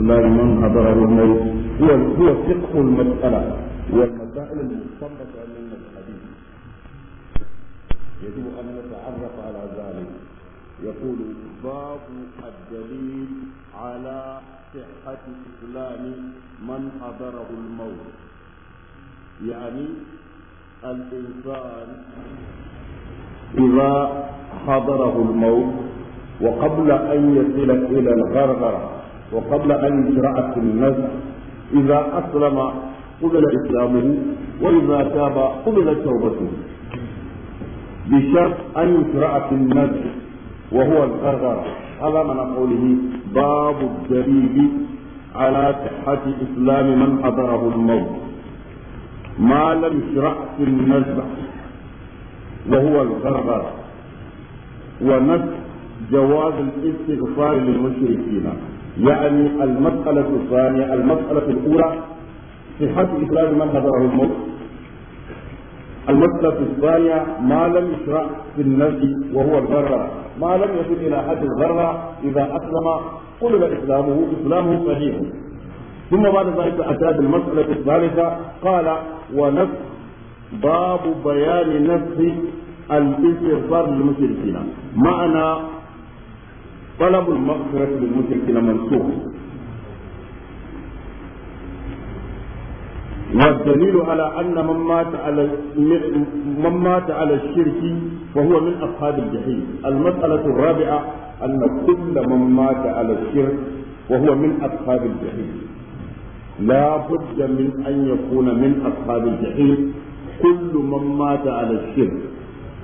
الإسلام من حضره الموت هو هو فقه المسألة والمسائل المستنبطة من الحديث يجب أن نتعرف على ذلك يقول باب الدليل على صحة إسلام من حضره الموت يعني الإنسان إذا حضره الموت وقبل أن يصل إلى الغرغرة وقبل أن يشرع في الناس إذا أسلم قبل إسلامه وإذا تاب قبل توبته بشرط أن يشرع في الناس وهو الغرغرة هذا من قوله باب الدليل على صحة إسلام من حضره الموت ما لم يشرع في النزع وهو الغرغرة ونسخ جواز الاستغفار للمشركين يعني المسألة الثانية المسألة الأولى صحة إخراج من هدره الموت المسألة الثانية ما لم يشرع في النفس وهو الغرة ما لم يصل إلى حد الغرة إذا أسلم قلب إسلامه إسلامه صحيح ثم بعد ذلك أتى بالمسألة الثالثة قال ونفس باب بيان نفس الاستغفار للمشركين معنى طلب المغفرة للمشرك منسوخ والدليل على أن من مات على من مات على الشرك فهو من أصحاب الجحيم المسألة الرابعة أن كل من مات على الشرك وهو من أصحاب الجحيم لا بد من أن يكون من أصحاب الجحيم كل من مات على الشرك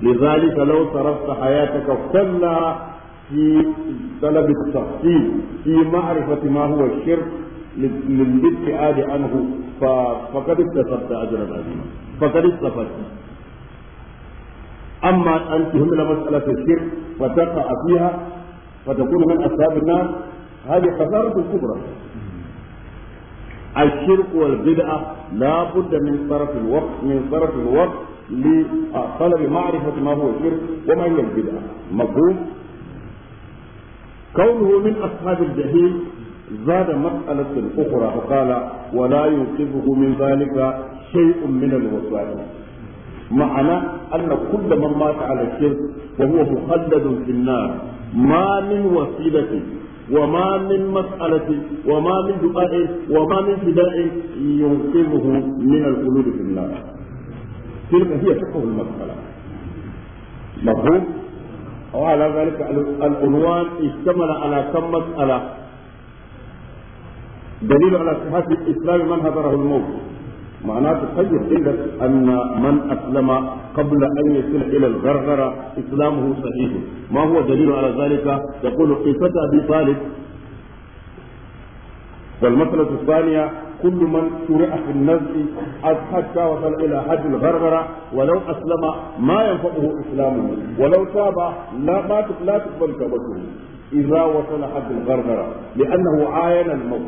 لذلك لو صرفت حياتك كلها في طلب التفصيل في معرفة ما هو الشرك للابتعاد عنه فقد استفدت أجرا عظيما فقد استفدت أما أن تهمل مسألة الشرك فتقع فيها فتكون من أصحاب النار هذه خسارة كبرى الشرك والبدعة لا بد من صرف الوقت من صرف الوقت لطلب معرفة ما هو الشرك وما هي البدعة مفهوم كونه من أصحاب الجحيم زاد مسألة أخرى فقال ولا يوقفه من ذلك شيء من الوسائل معنى أن كل من مات على الشرك وهو مخلد في النار ما من وسيلة وما من مسألة وما من دعاء وما من فداء ينقذه من الخلود في النار تلك هي فقه المسألة مفهوم؟ أو على ذلك العنوان اشتمل على كم مسألة دليل على صحة الإسلام من هدره الموت معناه تخيل عندك أن من أسلم قبل أن يصل إلى الغرغرة إسلامه صحيح ما هو دليل على ذلك يقول قصة أبي طالب والمسألة الثانية كل من شرع في النزع حتى وصل الى حد الغرغره ولو اسلم ما ينفعه اسلامه ولو تاب لا لا تقبل توبته اذا وصل حد الغرغره لانه عاين الموت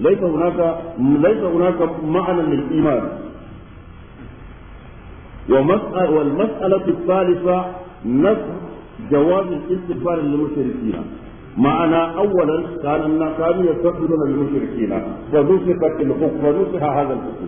ليس هناك ليس هناك معنى للايمان ومسألة والمسألة الثالثة نفس جواز الاستغفار للمشركين معنى أولا كان الناس كانوا يستقبلون المشركين فنسخت الحكم فنسخ هذا الحكم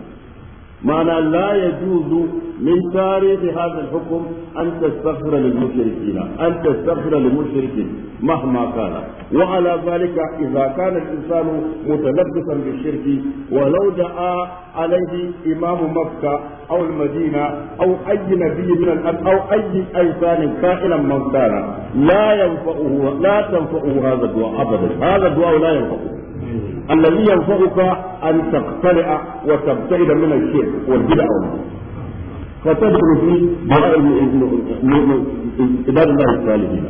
معنى لا يجوز من تاريخ هذا الحكم أن تستغفر للمشركين أن تستغفر للمشركين مهما كان وعلى ذلك إذا كان الإنسان متلبسا بالشرك ولو دعا عليه إمام مكة أو المدينة أو أي نبي من الأب أو أي إنسان كائنا من كان لا ينفعه لا تنفعه هذا الدعاء أبدا هذا الدعاء لا ينفعه الذي ينفعك أن تقتلع وتبتعد من الشرك والبدع فتدخل في عباد الله الصالحين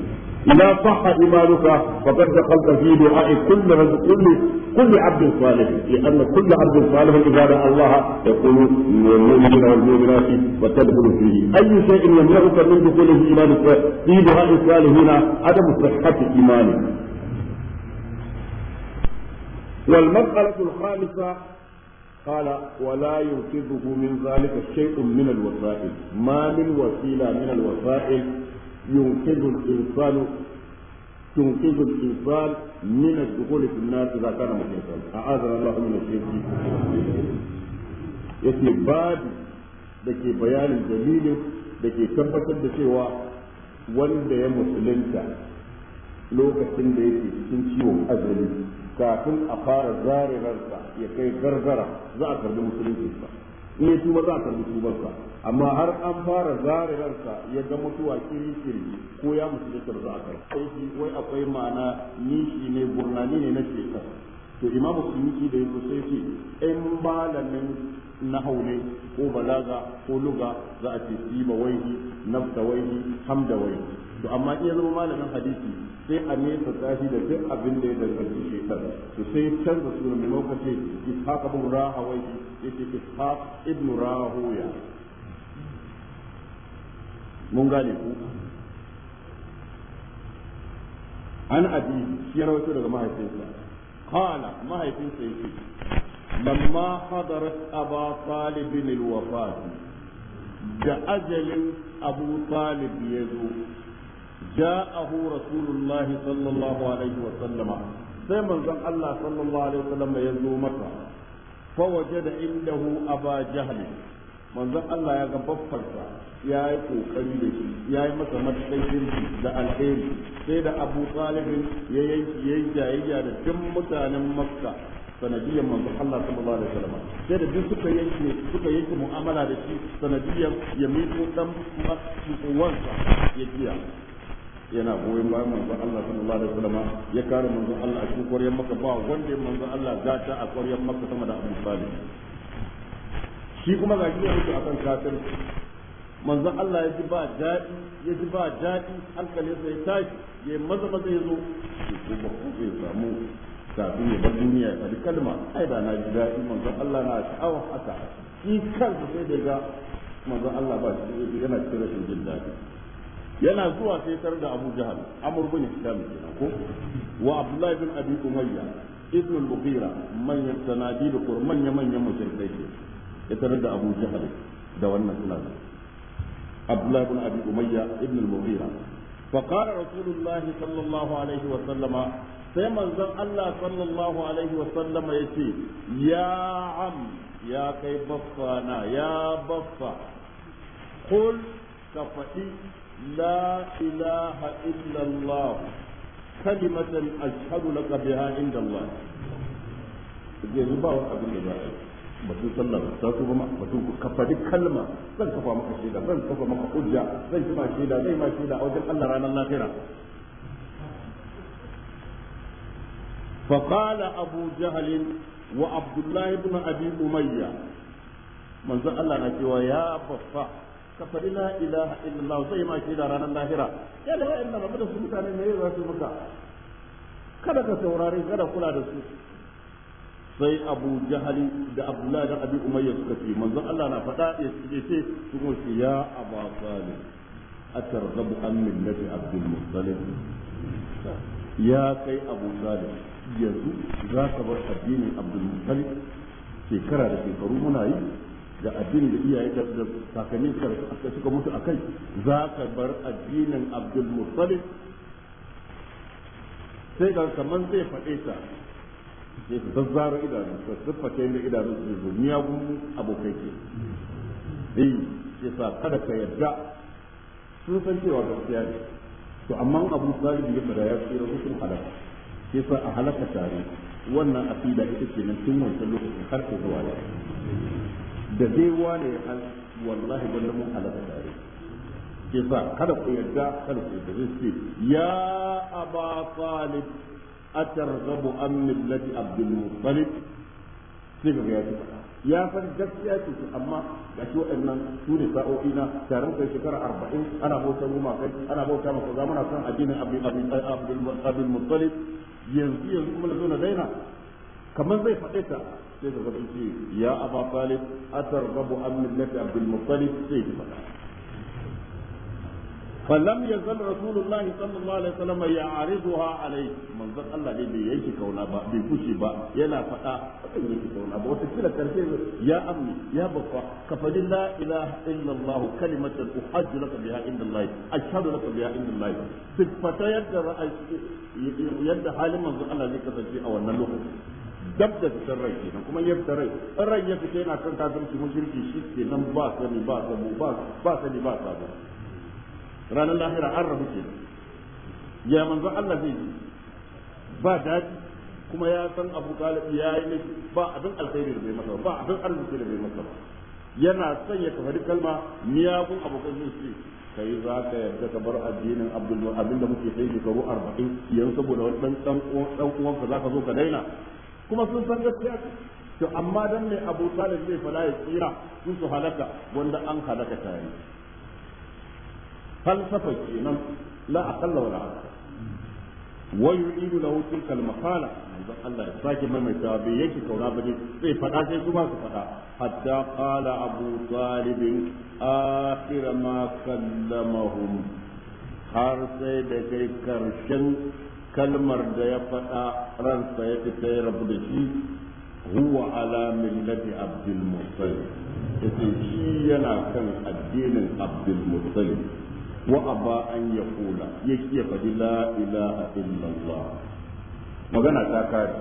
إذا صح إيمانك فقد دخلت في دعاء كل كل كل عبد صالح لأن كل عبد صالح إذا دعا الله يقول المؤمنين والمؤمنات وتدخل فيه أي شيء يمنعك من دخوله ايمانك في دعاء الصالحين عدم صحة إيمانك والمسألة الخامسة قال ولا ينقذه من ذلك شيء من الوسائل ما من وسيلة من الوسائل ينقذ الإنسان تنقذ الإنسان من الدخول في النار إذا كان محيطا أعاذنا الله من الشرك yake babu da بيان جميل dalilin da ke tabbatar da cewa wanda ya musulunta lokacin da kafin a fara zare ya kai gargara za a karbi musulunci ba in ya tuba za a karbi tubarsa amma har an fara zare ya ga mutuwa kiri kiri ko ya musulunci za a karbi wai akwai ma'ana nishi ne gurnani ne na shekara to imamu suyuti da yanzu sai ce in malamin na ne ko balaga ko luga za a ce siba waihi nafsa waihi hamda wai. to amma iya zama malamin hadisi sai a nesa tsafi da duk abin da ya danganci shekar to sai canza suna mai lokaci ishaq ibn rahawai yake ishaq ibn rahoya mun gane ku an abi shi ya rawaito daga mahaifinsa kala mahaifinsa yake lamma hadarat aba talib al wafat da ajalin abu talib ya zo جاءه رسول الله صلى الله عليه وسلم sai manzon Allah sallallahu alaihi wasallam ya zo masa fa wajada indahu aba jahl manzon Allah ya ga baffarsa ya yi kokari da shi ya yi masa matsayin da alheri sai da Abu Talib ya yi jayayya da duk mutanen Makka sanadiyar manzon Allah sallallahu alaihi wasallam sai da duk suka yanke mu'amala da shi sanadiyar ya miko dan uwansa ya giya yana goyon bayan manzon Allah sallallahu alaihi wasallam ya kare manzon Allah a cikin ƙwaryar maka ba wanda manzon Allah gata a ƙwaryar maka sama da Abu Talib shi kuma ga shi yake akan kafir manzon Allah ya ba daɗi yaji ba daɗi hankalin sa ya tashi ya maza maza ya zo ko ba ku zai samu kafin ya bar duniya ya faɗi kalma ai da na ji daɗi manzon Allah na sha'awa haka shi kansa sai da ga manzon Allah ba shi yana cikin rashin jin daɗi yana zuwa sai tar da Abu Jahal Amr bin Hisham ko wa Abdullah bin Abi Umayya ibn al mughira man yastanadi da manya-manya manyan ne ya tar da Abu jihar da wannan sunan Abdullah bin Abi Umayya ibn al-Mughira fa qala الله sallallahu alaihi wa sallama sai manzon Allah sallallahu alaihi wa sallama yace ya am ya kai baffa na ya baffa qul ka faɗi لا إله إلا الله كلمة أشهد لك بها عند الله يزبعوا أبو النبي batun sallar ta su kuma batun ku kafa duk kalma zan kafa maka shaida zan kafa maka hujja zan ci ma shaida zai ma shaida a wajen Allah ranar lafira fa qala abu jahl wa abdullah ibn abi umayya manzo Allah na cewa ya fafa. ka faɗi la ilaha illallah sai ma shi da ranar lahira ya da wa'annan rabu da su mutane ne za su maka kada ka saurari kada kula da su sai abu jahali da abdullahi da abi umayya suka ce manzon Allah na faɗa ya ce su kuma shi ya abu salim atarghabu an millati abdul muttalib ya kai abu salim yanzu za ka bar addinin abdul muttalib shekara da shekaru muna yi da addinin da iyaye da kakanni suka mutu a kai za ka bar addinin abdul sai ga kaman zai faɗe ta sai su zazzara idanu su yin da idanu su zo miyagun abokai ke eh sai sa kada ka yarda sun san cewa gaskiya ne to amma abu talibi ya fada ya tsira sun halaka sai sa a halaka tare wannan aqida ita ce nan tun wancan lokacin har zuwa yau da dai wane ya hal wallahi gwanda mun halaka tare ke sa kada ku yarda kada ku yarda zai ya aba talib atarghabu an millati abdul muttalib sai ga ya faɗa ya san gaskiya ce su amma ga shi waɗannan su ne sa'o'i na taron kai shekara arba'in ana bauta goma kai ana bauta masa za muna son addinin abdul muttalib yanzu yanzu kuma na zo na daina kamar zai faɗe ta sai ka zaɓi ce ya aba talib a tarbabu an millati abdul mutalib sai ka faɗa fallam ya zan sallallahu alaihi ya alai Allah ne yanki kauna ba kushi ba yana faɗa yanki kauna ba wata karfe ya ya bakwa inda inda fata yadda halin manzon Allah zai kasance a wannan lokacin dab da fitar rai kenan kuma yadda rai in rai ya fita yana kan kafirci mushriki shi nan ba sani ba sani ba ba sani ba sabo ranar lahira an rabu kenan ya manzo Allah zai ji ba daɗi kuma ya san Abu Talib ya yi ne ba abin alkhairi da bai masa ba abin arziki da bai masa ba yana son ya kafa kalma miyagun abokan zai ce kai za ka yarda ka bar addinin abdul abinda da muke kai shekaru arba'in yanzu saboda wani ɗan ɗan uwanka za ka zo ka daina kuma sun san gaskiya to amma dan ne Abu Talib zai fala ya tsira sun su halaka wanda an halaka tare falsafa kenan la aqalla wala wa yu'idu lahu tilka al-maqala idan Allah ya mai mai bai yake kaura ba ne sai fada sai su ba su fada hatta qala Abu Talib akhir ma kallamahum har sai da kai karshen kalmar da ya faɗa ransa ya fita ya rabu da shi huwa ala millati abdul muttalib yace shi yana kan addinin abdul muttalib wa aba an yaqula yake ya faɗi la ilaha illallah magana ta kare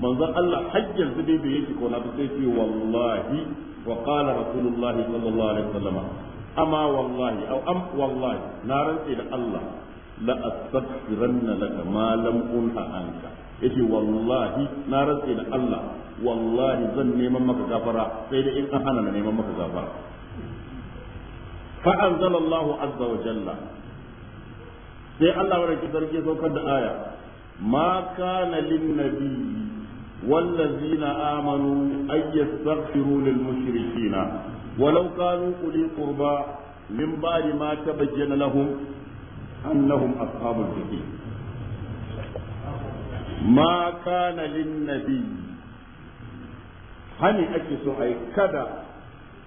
manzon Allah hajjar zube bai yake ko na sai ce wallahi wa qala rasulullahi sallallahu alaihi wasallam amma wallahi au am wallahi na rantse da Allah la astaghfiranna laka ma lam unha anka yace wallahi na rantse da Allah wallahi zan neman maka gafara sai da in ka hana na neman maka gafara fa anzalallahu azza wa jalla sai Allah barki sarki saukar da aya ma kana lin nabi والذين آمنوا أن يستغفروا للمشركين ولو كانوا أولي قربى من بعد ما تبين لهم أنهم أصحاب الجحيم ما كان للنبي hani ake so ai kada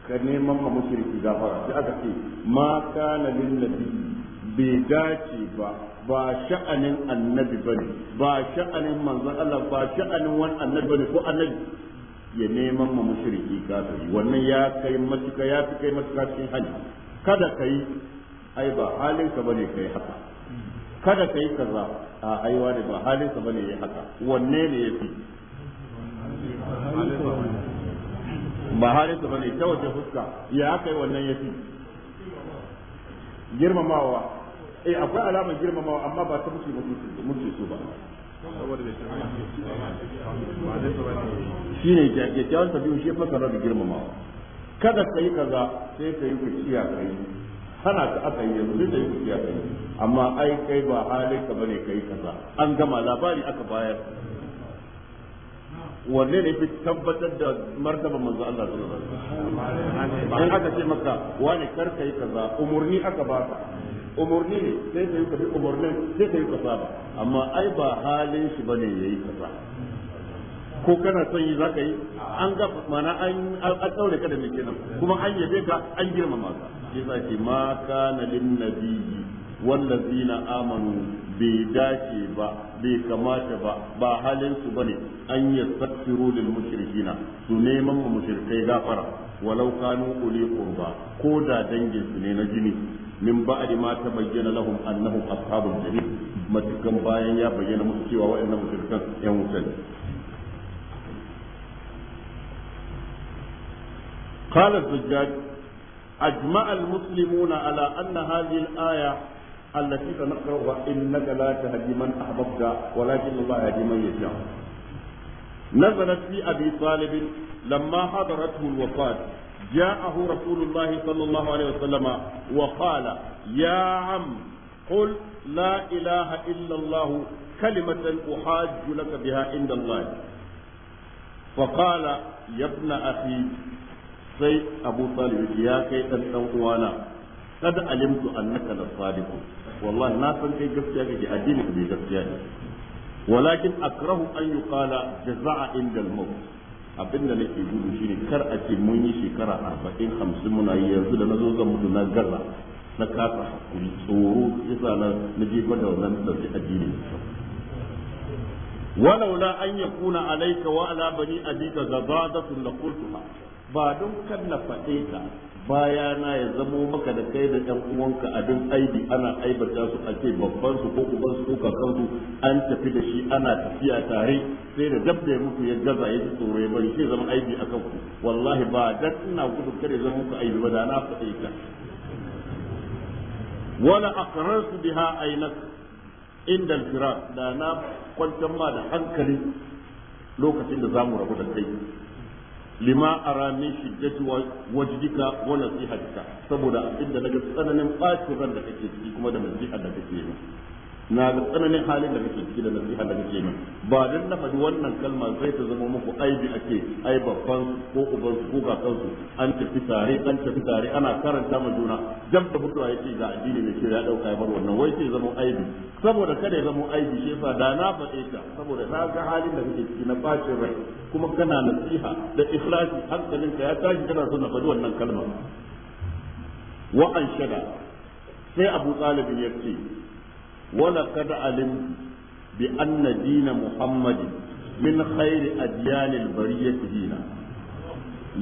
ka neman ma mushriki fara? sai aka ce ma kana lin nabi bai dace ba ba sha'anin annabi bane ba sha'anin manzon Allah ba sha'anin wani annabi bane ko annabi ya neman ma mushriki gafara wannan ya kai matuka ya fi kai matuka cikin hali kada ka yi ai ba halin ka bane kai haka kada kai kaza a aiwa ne ba halin ka bane yayi haka wanne ne yafi ba halin ka bane ta wace fuska ya kai wannan yafi girmamawa eh akwai alamar girmamawa amma ba ta muke muke so ba shi ne kyakkyawan tafiyu shi fasara da girmamawa kada ka yi kaza sai ka yi kuciya ka yi hana ka aka yi yanzu da yi ya kai amma ai kai ba halin ka bane kai kaza an gama labari aka bayar wanne ne fi tabbatar da martaba manzo Allah sallallahu alaihi wasallam in aka ce maka wani kar kai kaza umurni aka baka umurni ne sai kai ka bi umurnin sai kai ka amma ai ba halin shi bane yayi kaza ko kana son yi zaka yi an ga mana an an daure ka da kenan kuma an yabe ka an girmama ka yasa ce ma kana lin nabiyyi wallazina amanu bai dace ba bai kamata ba ba halin su bane an yastaghfiru lil mushrikina su neman mu mushrikai gafara walau kanu uli qurba ko da dangin su ne na jini min ba'di ma tabayyana lahum annahum ashabul jahim matukan bayan ya bayyana musu cewa wa'annan mushrikan yan wutan. قال أجمع المسلمون على أن هذه الآية التي سنقرأها إنك لا تهدي من أحببت ولكن الله يهدي من يشاء نزلت في أبي طالب لما حضرته الوفاة جاءه رسول الله صلى الله عليه وسلم وقال يا عم قل لا إله إلا الله كلمة أحاج لك بها عند الله فقال يا ابن أخي sai abu salihu ya kai dan dan uwana kad alimtu annaka la sadiq wallahi na san kai gaskiya kake addini ka gaskiya ne walakin akrahu an yuqala jazaa inda al-maut abinda nake gudu shine kar a ce mun yi shekara 40 50 muna yi yanzu da nazo zan mutu na garra na kasa hakuri tsoro yasa na naje gwada wannan da addini ولولا أن يكون عليك وعلى بني أبيك غضاضة لقلتها ba don faɗe ka baya na ya zamo maka da kai da ɗan uwanka abin aibi ana aibata su a ce babban su ko uban su ko kakan su an tafi da shi ana tafiya tare sai da dab da ya mutu ya gaza ya ji tsoro ya bari sai zama aibi a kanku wallahi ba dan ina gudu kare zama muku aibi ba da na faɗe ka wala aqrartu biha aynak inda al da na kwantar ma da hankali lokacin da zamu rabu da kai lima ara min shiddati wajdika wa nasihatika saboda abinda naga tsananin bacin ran da kake ciki kuma da nasiha da kake yi na ga tsananin halin da kake ciki da nasiha da kake min ba dan na faɗi wannan kalma sai ta zama muku aibi ake ai babban ko uban ko an tafi tare an tafi tare ana karanta ma juna Jam da mutuwa yake ga addini ne ke ya dauka ya bar wannan wai ke zama aibi saboda kada ya zama aibi shi yasa da na faɗe ta saboda na ga halin da kake ciki na bacin rai kuma kana nasiha da ikhlasi ka ya tashi kana so na faɗi wannan kalma wa an shada sai abu talibin ya ce ولقد علمت بأن دين محمد من خير أديان البرية دينا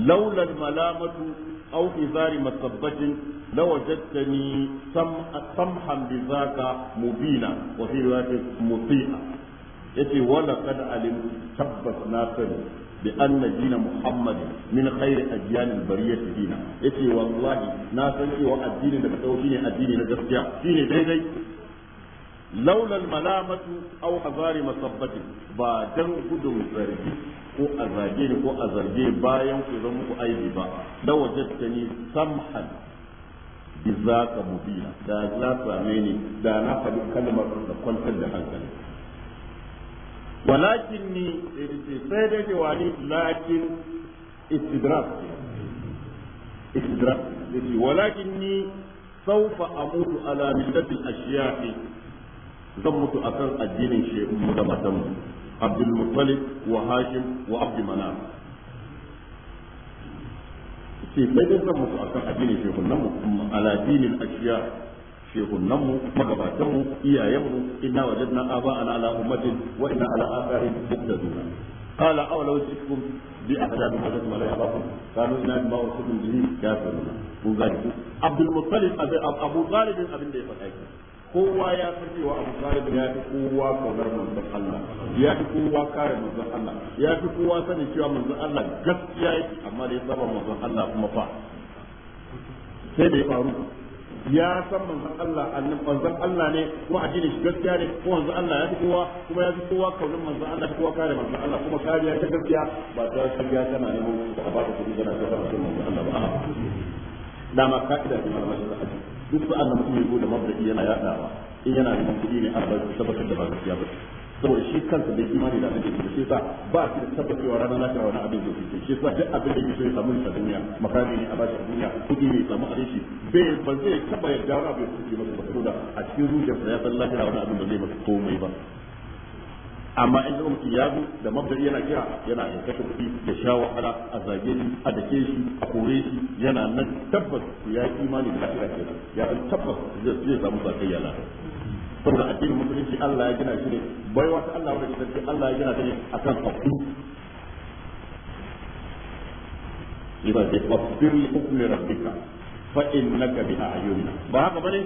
لولا الملامة أو إزار مسبة لوجدتني سمحا بذاك مبينا وفي رواية مطيئا يتي ولقد علمت تبت ناصر بأن دين محمد من خير أديان البرية دينا يتي والله ناصر وأدين الدين الدين الدين الدين الدين laula malamatu aw hazari masabbatin ba dan gudun zargi ko a zage ni ko a zarge bayan ku zan muku aibi ba da wajattani samhan bi zaka mubina da na same ni da na faɗi kalmar da kwantar da hankali walakin ni sai dai wani lakin istidrak استدراك ولكني سوف أموت على ملة الأشياء zan mutu kan addinin shi mu da matan mu Abdul wa Hashim wa Abd Manaf zan mutu addinin shi kun nan mu ala ashiya shi kun nan mu magabatan mu iyayen mu inna wajadna ala ummatin wa inna ala kowa ya fi cewa abu talib ya fi kowa kaunar manzan Allah ya fi kowa kare manzan Allah ya fi kowa sani cewa manzan Allah gaskiya yake amma da ya saba manzan Allah kuma fa sai da ya faru ya san manzan Allah annabi manzan Allah ne ko addinin shi gaskiya ne ko manzan Allah ya fi kowa kuma ya fi kowa kaunin manzan Allah ya kowa kare manzan Allah kuma kariya ta gaskiya ba ta ya tana ne a ba ta kudi tana ta manzan Allah ba dama ka'ida ne malamai da duk sa'an da mutum ya zo da mabda'i yana yadawa in yana da kuɗi ne a tabbatar da ba gaskiya ba saboda shi kansa da imani da abin da yake shi sa ba shi da tabbacewa ranar lafiya wani abin da yake shi sa duk abin da yake so ya samu a duniya makami ne a bashi a duniya kuɗi ne samu a shi bai ba zai taba ya wani abin da ba saboda a cikin zuciyarsa ya san lafiya wani abin da zai ba komai ba amma in zama mutum ya zo da mabdari yana kira yana da kashe kuɗi da sha wahala a zage shi a dake shi a kore shi yana nan tabbas ya yi imani da lafiya kenan ya san tabbas zai samu zakayya lafiya saboda addinin musulunci Allah ya gina shi ne baiwa ta Allah wanda ke Allah ya gina shi ne akan hakku yana da fasbir li hukmi rabbika fa innaka bi a'yunina ba haka bane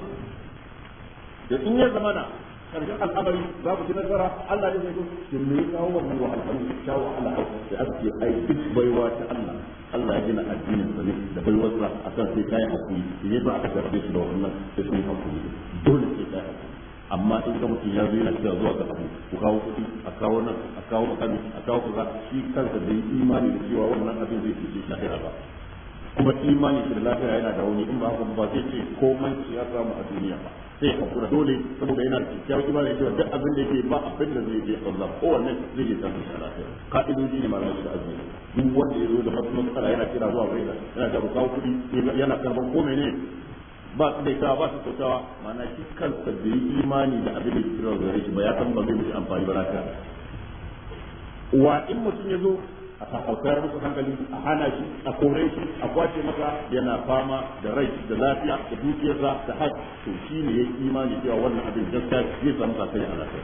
da in ya zamana karshen al'amari za ku ci nasara Allah ne zai shi me ya kawo wannan wahalhalu shawo Allah da ake ai duk baiwa ta Allah Allah ya gina addinin sa ne da baiwarsa a kan sai kai hakuri ne ba aka karbe shi da wannan sai sun hakuri dole sai kai hakuri amma in ga mutum ya zo yana cewa zuwa ga abu ku kawo kuɗi a kawo nan a kawo makami a kawo kaza shi kansa da yi imani da cewa wannan abin zai fice shi lahira ba kuma imani da lafiya yana da wani in ba haka ba zai ce komai ya samu a duniya ba sai hakura dole saboda yana kyakkyawar ibada ya duk abin da yake ba abin da zai je Allah kowanne zai je samun shi lafiya ka'idoji ne malamin shi azumi duk wanda ya zo da wasu matsala yana kira zuwa bai yana da kawo kuɗi yana karban ko ne ba su daita ba su kyautawa ma'ana shi kansa da yi imani da abin da ya kira zuwa ba ya san ba zai amfani ba wa in mutum ya zo a kawar musu hankali a hana shi a kore shi a kwace masa yana fama da rai da lafiya da dukiyarsa da hajj to shi ne ya imani cewa wannan abin gaskiya zai samu sakai a lafiya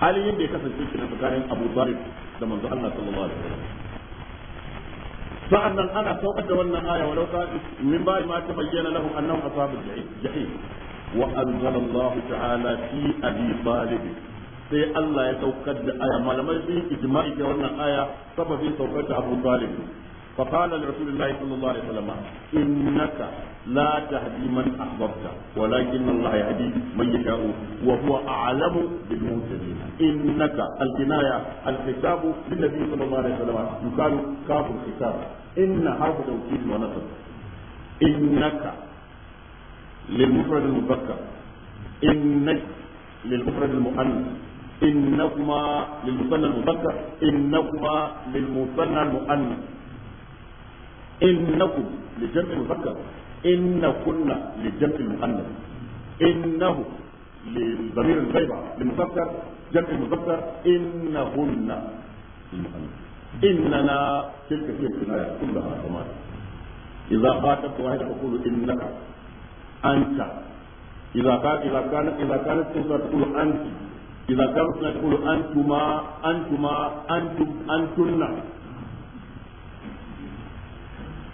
halin yadda ya kasance shi na tsakanin abu zarif da manzo Allah sallallahu alaihi wasallam sa'annan ana saukar da wannan aya walau ta min ba ma ta bayyana lahum annahu asabu jahim wa anzalallahu ta'ala fi abi talib sai Allah ya saukar da aya malamai sun ijma'i da wannan aya sababin saukar da Abu Talib فقال لرسول الله صلى الله عليه وسلم إنك لا تهدي من أحببت ولكن الله يهدي من يشاء وهو أعلم بالمهتدين إنك الكناية الحساب للنبي صلى الله عليه وسلم يقال كاف الحساب إن حرف توكيد ونصب إنك للمفرد المذكر إنك للمفرد المؤنث إنكما للمثنى المذكر إنكما للمثنى المؤنث إنكم للجمع المذكر إن كنا للجمع المؤنث إنه للضمير الغيبة للمذكر جمع المذكر إنهن المؤنث إننا تلك هي الكناية كلها كمان إذا خاطبت واحدة تقول إنك أنت إذا كانت إذا كانت إذا كانت تقول أنت إذا كانت تقول أنتما أنتما أنتم أنتن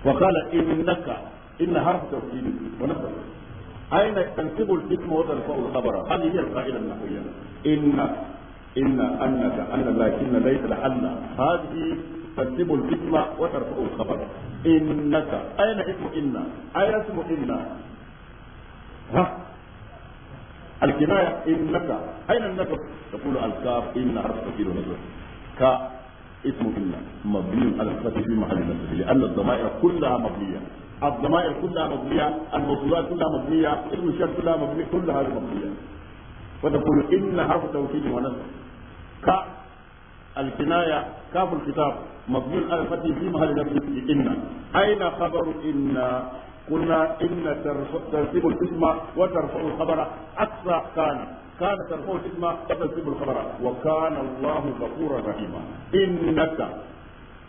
وقال إنك إن حرف توكيد ونفر أين تنصب الاسم وترفع الخبر هذه هي القاعدة النحوية إن إن أنك أن لكن ليس لأن هذه تنصب الاسم وترفع الخبر إنك أين اسم إن أين اسم إن ها الكناية إنك أين النكر تقول الكاف إن حرف تكيل نكر ك اسم إن مبني على الفتح في محل نصب لأن الضمائر كلها مبنية الضمائر كلها مبنية الموصولات كلها مبنية اسم الشرط كلها مبنية كلها مبنية وتقول إن حرف توكيد ونصب ك الكناية كاف الخطاب مبني على الفتح في محل نصب إن أين خبر إن قلنا إن ترتيب الاسم وترفع الخبر أقصى كان كان ترفع الاسم وترتيب الخبر وكان الله غفورا رحيما إنك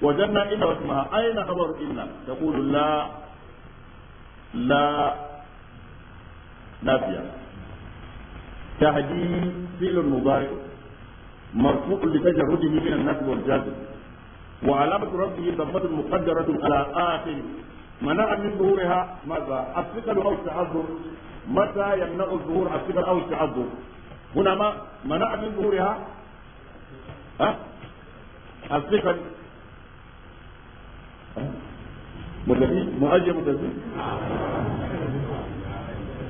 وجدنا إن اسمها أين خبر إن تقول لا لا نافية تهديد فعل مضارع مرفوع لتجرده من النسب والجزم وعلامة ربه ضمة مقدرة على آخره منع من ظهورها ماذا؟ الثقل او التعذر متى يمنع الظهور الثقل او التعذر؟ هنا ما منع من ظهورها ها؟ الثقل مدني مؤجل مدني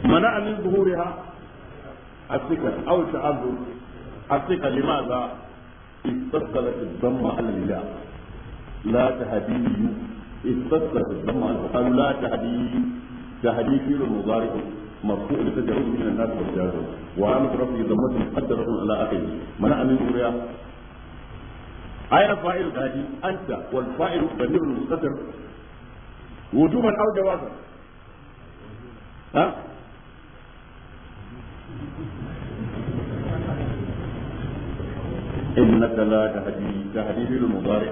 منع من ظهورها الثقل او التعذر الثقل لماذا؟ استثقلت الضمه على الهلال لا تهديه استسقط الدم عنه قالوا لا تهدي تهدي فيل مضارع مرفوع لتجاوز من الناس والجار وعامة رفعه ضمة مقدرة على أخيه منع من ذرية أين فاعل هذه أنت والفاعل ضمير المستتر وجوبا أو جوازا ها إنك لا تهدي تهدي المضارع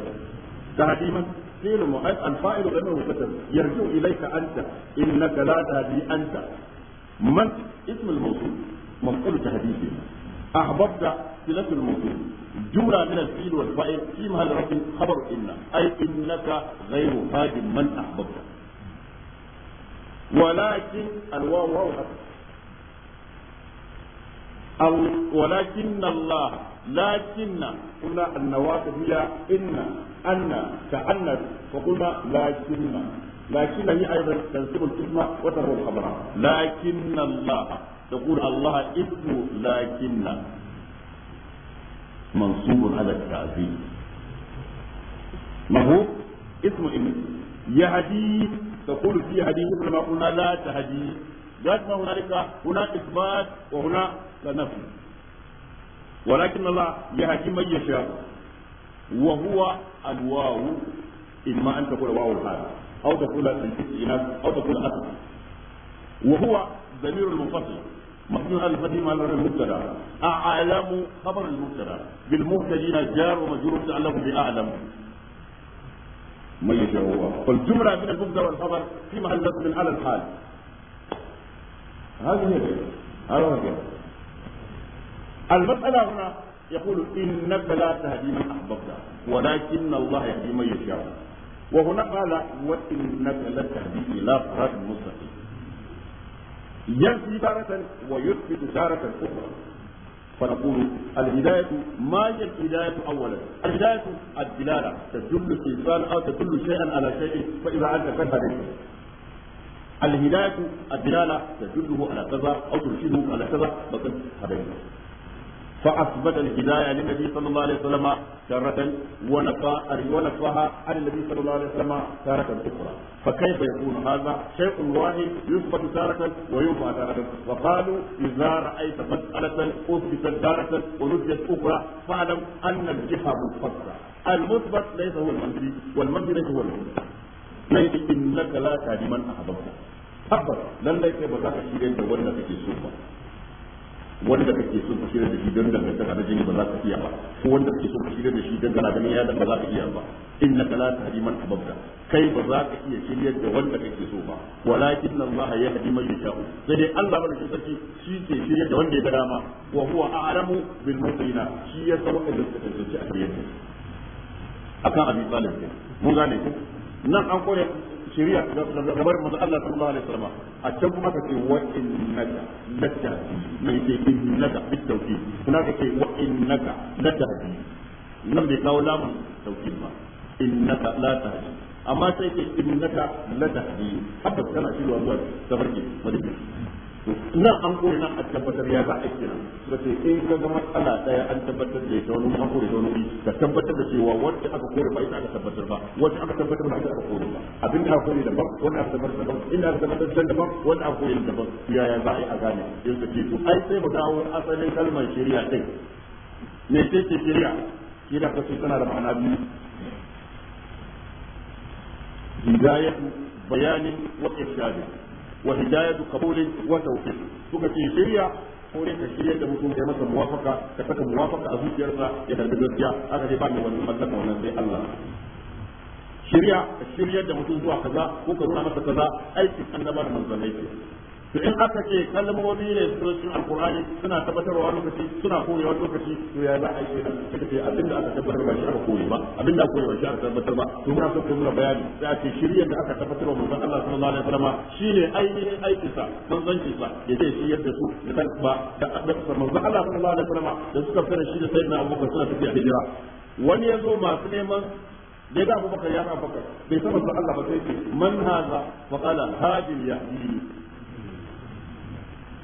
تهدي من؟ فعل الفاعل غير مبتدا يرجو اليك انت انك لا تهدي انت من اسم الموصول منقول تهديد احببت صله الموصول جملة من الفيل والفائل في محل رفع خبر إن أي إنك غير هاد من أحببت ولكن الواو واو أو ولكن الله لكن قلنا النواقض هي إن Lakin na. Ta ana faɗu na, laakin na. Laakin na yi a yanzu da tansifin isma'a, wajen bauta ta, Allaha ismu laakin na. Mun sumbata halitta a zai ismu in ya haddi, daku duki ya haddi, yi kama na ta haddi. Zan suna hula rika, Wa laakin la, ya haki mai ya sha, wuhu wa. الواو إما أن تقول واو الحال أو تقول الاستئناف أو تقول أصل وهو ضمير المنفصل مصنوع الفتي الفتح مع المبتدا أعلم خبر المبتدا بالمبتدين جار ومجرور تعلق بأعلم من يشاء هو فالجملة من المبتدا والخبر في محل من على الحال هذه هي هذا هو المسألة هنا يقول إنك لا تهدي من أحببت ولكن الله يهدي من يشاء وهنا قال وإنك لتهدي إلى صراط مستقيم ينفي تارة ويثبت تارة أخرى فنقول الهداية ما هي الهداية أولا؟ الهداية الدلالة تدل الإنسان أو تدل شيئا على شيء فإذا أنت كفر الهداية الدلالة تدله على كذا أو ترشده على كذا فقد هدينا فأثبت الهداية للنبي صلى الله عليه وسلم تارة ونفاها عن النبي صلى الله عليه وسلم تارة أخرى فكيف يكون هذا شيء واحد يثبت تارة وينفى تارة وقالوا إذا رأيت مسألة أثبتت تارة وردت أخرى فاعلم أن الجهة منفصلة المثبت ليس هو المنفي والمنفي ليس هو المثبت ليس إنك لا تهدي من أحببت tabbas lallai sai ba za ka shirye da wanda kake so ba wanda kake so ka shirya da shi don dangantaka da jini ba za ka iya ba ko wanda kake so ka shirya da shi don kana ganin ya ba za ka iya ba inna kala tahdi man ababda kai ba za ka iya shirya da wanda kake so ba walakin Allah ya hadi man yasha sai dai Allah shi sarki shi ke shirya da wanda ya ga dama wa huwa a'lamu bil muqina shi ya san wanda suka tantance a cikin akan abi talib mun gane ku nan an kore shari'a da gabar manzo Allah sallallahu alaihi wasallam a can kuma ka ce wa innaka latta mai ke innaka bi sauki kuma ka ce wa innaka latta nan bai kawo lamun tawfi ba innaka la tahdi amma sai ke innaka la tahdi haka kana shi wa zuwa tabarki madina nan an kore nan a tabbatar ya ba a nan ba sai in ka ga matsala daya an tabbatar da ita wani an kore da wani ka tabbatar da cewa wacce aka kore ba ita aka tabbatar ba wacce aka tabbatar ba ita aka kore ba abin da aka kore ba wanda aka tabbatar da ba inda aka tabbatar da ba wanda aka kore da ba ya ya ba a gane in ka ce to ai sai mu dawo asalin kalmar shari'a din me ce ce shari'a shari'a ka ce tana da ma'ana biyu hidayatu bayanin wa irshadin wa hidayatu qabulin wa tawfiq suka ce shirya ko ne ka shirya da mutum ya masa muwafaka ka saka muwafaka a zuciyarsa ya karbi gaskiya aka ce ba ni wannan mallaka wannan sai Allah shirya ka shiryar da mutum zuwa kaza ko ka nuna masa kaza aikin annaba da manzon ne to in aka ce kalmomi ne sun alkur'ani suna tabbatarwa lokaci suna wani lokaci to ya za a yi suka ce da aka tabbatar ba shi aka koye ba da aka koye ba shi aka tabbatar ba to muna so kuma bayani sai a ce shirya da aka tabbatar Allah sallallahu alaihi su da kan da Allah sallallahu alaihi wasallam da suka Abubakar wani ya zo masu neman da Abubakar ya bai san Allah ba sai ce man haza hadi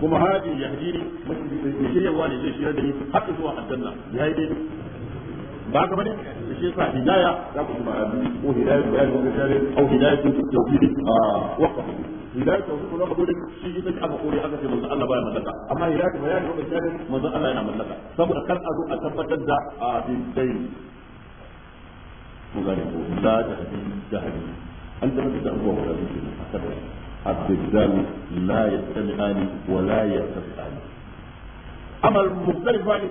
kuma hadi yahdini mai shiryawa ne zai shirya da ni har zuwa aljanna ya yi daidai ba ka bane da shi yasa hidaya za ku ba ko hidaya ko ayyuka ko shari'a ko hidaya ko tauhidi a ah, wakka hidaya ko kuma ko da shi yi idan aka kore aka ce manzo Allah baya mallaka amma hidaya ko bayani ko shari'a manzo Allah yana mallaka saboda kar a zo a tabbatar da a ah, bidai mu gane ko da da hadisi an da da abubuwa da su a tabbata الضدان لا يجتمعان ولا يتفقان أما يعني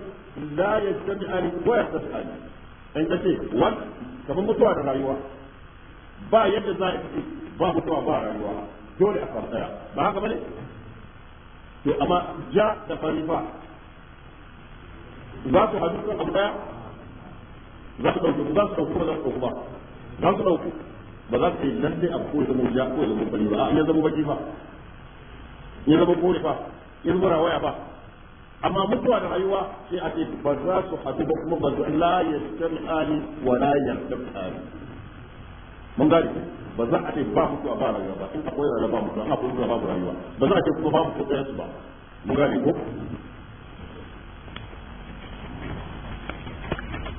لا يجتمعان ويتفقان عند يعني شيء وان كما متوى الرأيوة با يجد ذلك إيه؟ با متوى با رأيوة دولة أفرطايا ما هكذا بني to أما جاء da fari ba za su hadu kan abu daya za ba za su yi nan dai abu ko zama ja ko zama bari ba iya zama baki fa ya zama kore fa ya zama rawaya fa amma mutuwa da rayuwa sai a ce ba za su haɗu ba kuma ba za la ali wa la yastami'ani mun gari ba za a ce ba mutuwa ba rayuwa ba in akwai rayuwa ba mutuwa in mutuwa ba rayuwa ba za a ce kuma ba mutuwa ba mun gari ko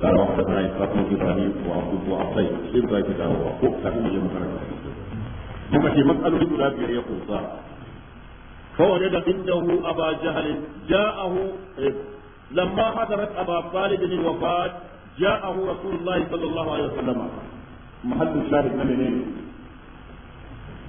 قال وحدثنا اسحاق بن ابراهيم وعبد وعصي شيخ زايد بن وعقوب كان يجي مكانه kuma ce matsaloli guda biyar ya kusa kawai da indahu aba jahal ja'ahu eh, lamma hadarat aba talib bin wafat ja'ahu rasulullahi sallallahu alaihi wasallam mahallu shahid na menene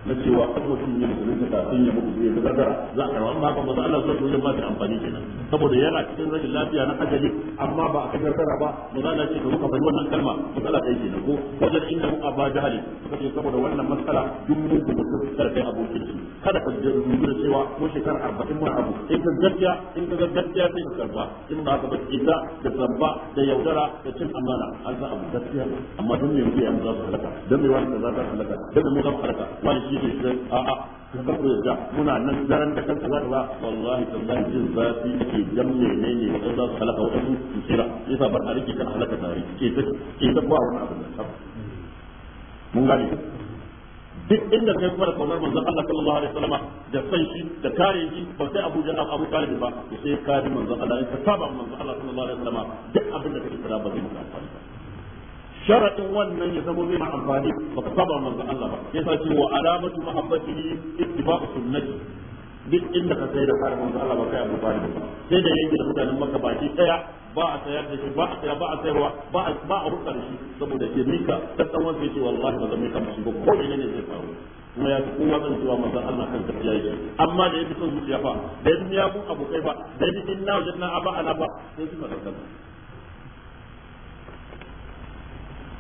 na cewa duk mutum ne ta kafin ya mutu zai gargara. za a karwa amma ba maza Allah zai koyi ba ta amfani kenan saboda yana cikin rashin lafiya na ajali amma ba a kai gargara ba maza Allah ce ka muka bari wannan kalma matsala ɗaya kenan ko wajen inda mu aba jahali kace saboda wannan matsala duk mun da mutum karfe abokin su, kada ka je rubutu da cewa ko shekara arba'in mun abu in ka gaskiya in ka gaskiya sai ka karba in ba ka ba ita da sabba da yaudara da cin amana an za abu gaskiya amma don me yanzu ya za su halaka don me wani za ta halaka dan mai za su halaka wani yake sai a a kaga ya yarda muna nan daren da kanka za ka ba wallahi tallahi jin zafi yake dan ne, ne wanda za su halaka wadansu su tsira sa bar a kan halaka tare ke ta ke ta ba wani abu da mun gane duk inda kai da kamar manzo Allah sallallahu alaihi wasallam da san shi da kare shi ba sai Abu Jahl Abu Talib ba sai kare manzo Allah sai saba manzo Allah sallallahu alaihi wasallam duk abin da kake fara ba zai maka amfani sharaɗin wannan ya zama zai ma amfani ka saba manzon Allah ba yasa ce wa alamatu mahabbati ittiba'u sunnati duk inda ka sai da fara manzon Allah ba kai amfani ba sai da yake da mutanen maka baki daya ba a sayar da shi ba a sayar ba a sayarwa ba a ba a rukar shi saboda ke mika tattawan sai ce wallahi ba zan mika musu ba ko ne ne zai faru kuma ya kowa zan cewa manzon Allah kan ta yayi amma da yake son zuciya fa da yake miyagun abokai ba da yake inna wajadna aba ala ba sai su fara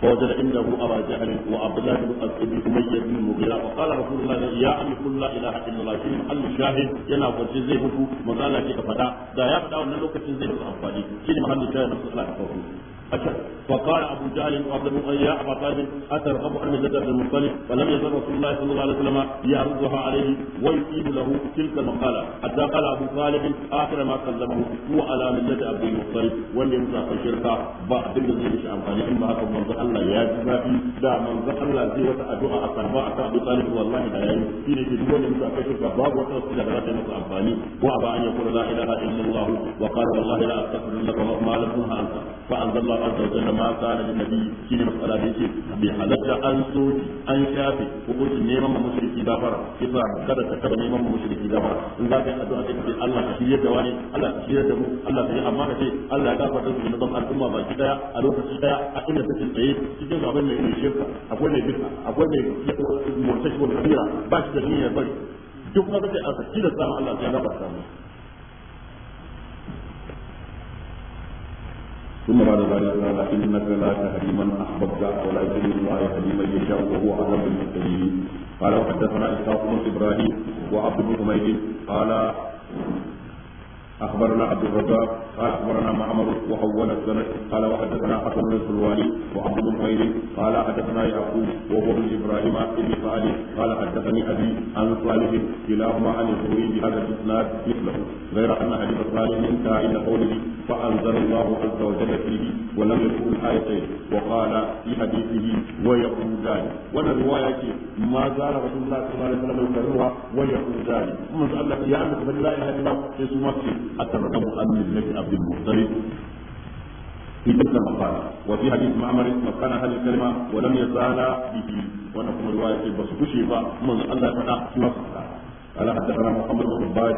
فوجد عنده ابا جهل وعبد الله بن ابي اميه بن المغيره وقال رسول الله يا امي قل لا اله الا الله في محل الشاهد ينا فرجي زي هو مغالا كي فدا دا يا فدا wannan lokacin zai da amfani shi ne mahallin shahid Allah ya kawo أشهر فقال أبو جهل وعبد يا أبا طالب أترغب عن ملة عبد المطلب فلم يزل رسول الله صلى الله عليه وسلم يعرضها عليه ويقيم له تلك المقالة حتى قال أبو طالب آخر ما كلمه هو على ملة عبد المطلب وليمسح الشركة بعد الذي مش أمغاني إما أكبر من الله يا جزاكي دا من الله زي وتأدعى أكبر أبو طالب والله لا يعني في نجد وليمسح الشركة باب وتوصل إلى غلط أمغاني وأبى أن يقول لا إله إلا الله وقال والله لا أستغفر لك ما لم عنك فأنزل الله عز وجل ما كان للنبي في مسألة ديكي بحلت أن صوت أن شافي وقلت نيما مشركي دافر كيسا كذا تكبر نيما مشركي دافر إن ذاك أدعى تكبر الله تشير دواني الله تشير دمو الله تشير أما كشي الله دافر تشير نظام الأمة باكي دايا ألوك تشير أكيد تشير تشير تشير أبوين من الشركة أبوين من الشركة أبوين من المرتشف والكبيرة باش تشير يا بني duk kuma kace a saki da sama Allah ya gafarta mu ثم بعد ذلك قال انك لا تهدي من احببت ولكن الله يهدي من يشاء وهو اعلم بالمهتدين قال وحدثنا اسحاق بن ابراهيم وعبد بن حميد قال اخبرنا عبد الرزاق قال اخبرنا معمر وحول السند قال وحدثنا حسن بن سلواني وعبد بن قال حدثنا يعقوب وهو بن ابراهيم بن خالد قال حدثني ابي عن صالح كلاهما عن الزهري بهذا الاسناد مثله غير ان حديث صالح انتهى الى قوله فانزل الله عز وجل فيه ولم يكن الايتين وقال في حديثه ويقولان وانا روايه ما زال رسول الله صلى الله عليه وسلم يكررها ويقولان ثم الله يا انكم لا اله الا الله أترغب عن ملة عبد المطلب في تلك المقالة وفي حديث معمر مكان هذه الكلمة ولم يزال به ونقول رواية بسكشي من الله تعالى قال حدثنا محمد بن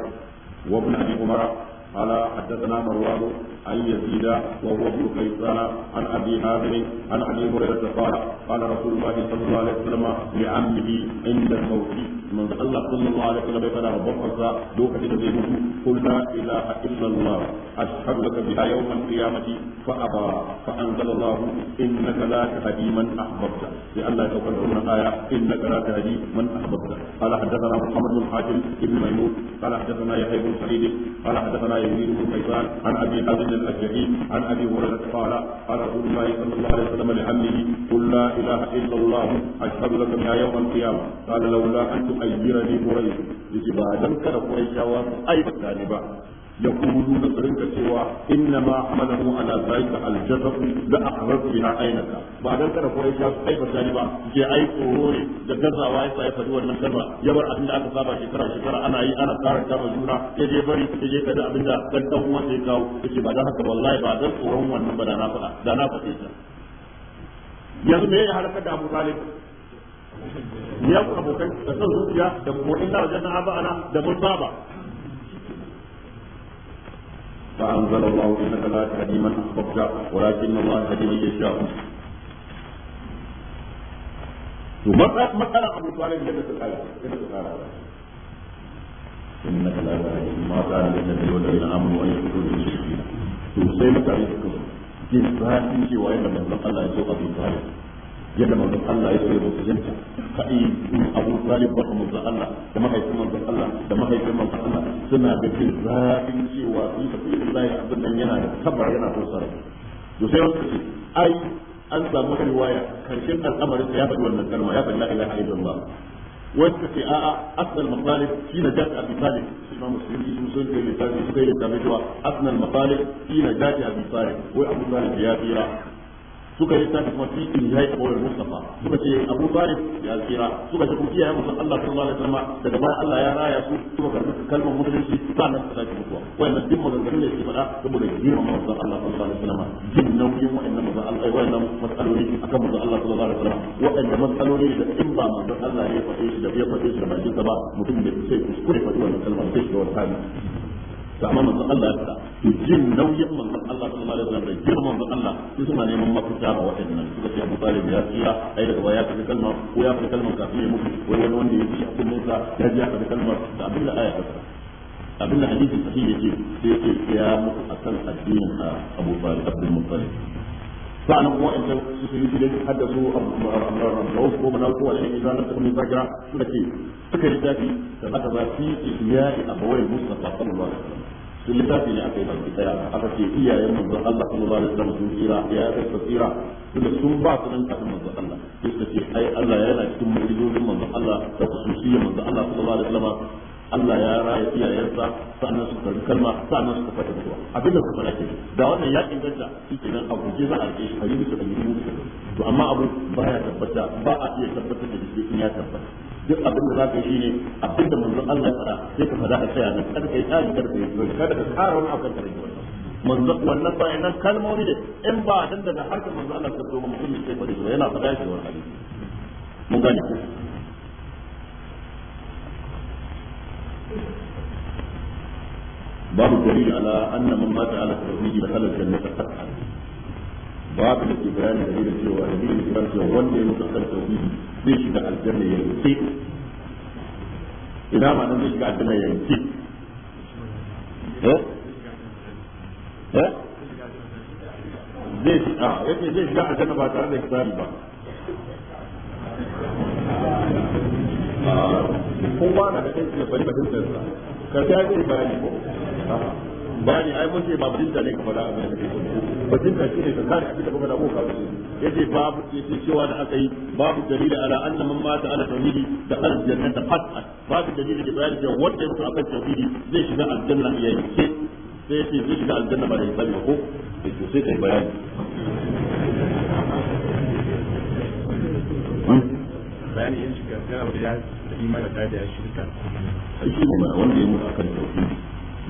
وابن أبي عمر قال حدثنا مروان عن يزيد وهو ابن قيسان عن ابي حازم عن ابي هريره قال قال رسول الله صلى الله عليه وسلم لعمه عند الموت من الله صلى الله عليه وسلم فلا بفرس دوك تدبيره قل لا اله الا الله اشهد لك بها يوم القيامه فابى فانزل الله انك لا تهدي من احببت لئلا تكون الايه انك لا تهدي من احببت قال حدثنا محمد بن حاتم بن ميمون قال حدثنا يحيى بن سعيد قال حدثنا يزيد بن قيسان عن ابي حازم الاشعري عن ابي هريره قال قال رسول الله صلى الله عليه وسلم لعمه قل لا اله الا الله اشهد لك بها يوم القيامه قال لولا ان تؤيرني قريش لجبادك قريش واي غالبا Da ku bi du na farin da cewa in nama malamuna na zai ta halitattatu za a harar jihar ainata. Ba zan taɗa koya shi ya su kai Fadlali ba suke aiki da gasa wa haifa aiki wani ya bar abin da aka saba shekara-shekara. Ana yi ana tsara ta juna ta je bari ta je kaddar abinda ban ɗan uwa sai zaune. Ya ba za haka ba ba zan tsoron wannan ba da na faɗi ta. Ya suna ya yi hali abu ba ne. Yau abokai, da son zuciya, da kuma ina da ɗaga al'umma ana da mun fa فأنزل الله إنك لا تهدي من أحببت ولكن الله يهدي من يشاء مثلا أبو طالب جنة الآية جنة الآية إنك لا تهدي ما كان للنبي والذين آمنوا أن يكفروا بالمشركين to sai mutane suka ji zafin cewa yadda manzon Allah ya so Abu Talib yadda manzon Allah ya koyi musulunci fa'i Abu Talib ba manzon Allah da mahaifin manzon Allah da mahaifin manzon Allah suna da jin zafin cewa in ka fi zai abin nan yana da tabar yana tosar to sai wasu ce ai an samu riwaya karshen al'amarin ya faɗi wannan kalma ya faɗi la ilaha illallah wanda ke a'a asnal maqalib fi najat abi talib imam muslim shi muslim ke littafi sai da tabiwa asnal maqalib fi najat abi talib wai abu talib ya tsira suka yi tafi kuma fitin ya yi kawai Mustafa suka ce Abu bari ya tsira suka ce kuma ya musu Allah sallallahu alaihi wasallam daga baya Allah ya raya su suka karbi kalmar musulunci nan suka tafi mutuwa na jin maganganun da yake faɗa saboda girmama manzo Allah sallallahu alaihi wasallam jin nauyin wa'annan manzo Allah wa'annan matsaloli kan manzo Allah sallallahu alaihi wa'in da matsaloli da in ba manzo Allah ya faɗe shi da ya faɗe shi da bakin ba mutum da sai kuskure faɗi wannan kalmar sai shi da wata to amma manzon Allah ya to jin nauyin manzon Allah sallallahu alaihi wasallam da girman manzon Allah su suna neman mafita ba waɗannan suka ce Abu Talib ya tsira ai daga baya ka kalma ko ya faɗi kalma kafin ya mutu ko wani wanda ya ji a kullun sa ya ji ka kalma da abin da aya ta abin da hadisi sahihi yake sai ya mutu akan addinin Abu Talib Abdul Muttalib sa'an kuma in ta su su yi da hadda su abu ko mana ko wani zan ta kuma zakira suka ce suka yi da aka ba fi ihyai abawai mustafa sallallahu alaihi su sun littafi ne aka yi baki daya aka ce iyayen manzon Allah sallallahu alaihi wasallam sun tsira ya aka su tsira sun ba su nan kafin manzon Allah sai suka ce ai Allah yana cikin mu'jizojin manzon Allah da kususiyyar manzon Allah sallallahu alaihi wasallam Allah ya raya iyayensa sa'annan su karbi kalma sa'annan su da mutuwa abinda su fara ke da wannan ya inganta shi kenan abu je za a rike shi yi musu yi musu to amma abu ba ya tabbata ba a iya tabbatar da shi in ya tabbata duk abin da za ka yi ne abin da manzon Allah ya fara sai ka fara a tsaya nan kada ka yi tsari kada ka yi kada ka kara wani abu da ka yi manzo wannan bayan nan kalmomi da in ba dan daga harkar manzo Allah ta zo mutum sai bari yana fada shi wannan mun gane babu dalil ala anna man mata ala tawhid la halaka min babu da ibrahim da yake cewa da yake cewa wanda ya mutu kan tawhid yi ina ma nan zai shiga aljanna ya yi eh eh ah, zai shiga aljanna ba tare da ba kowa na da bari sa ai ko ai mun ce ba ne a bayan da shi ne kare da kuma da boka yace babu yace cewa da aka yi babu dalili ala anna man mata ala da aljanna da babu dalili da bayani wanda yake zai shiga aljanna ya yi sai yace zai shiga aljanna ba da ko to sai kai bayani bayani yin shiga yana da ya mara da da ya shirka aiki kuma ma wanda ya mutu akan tauhidi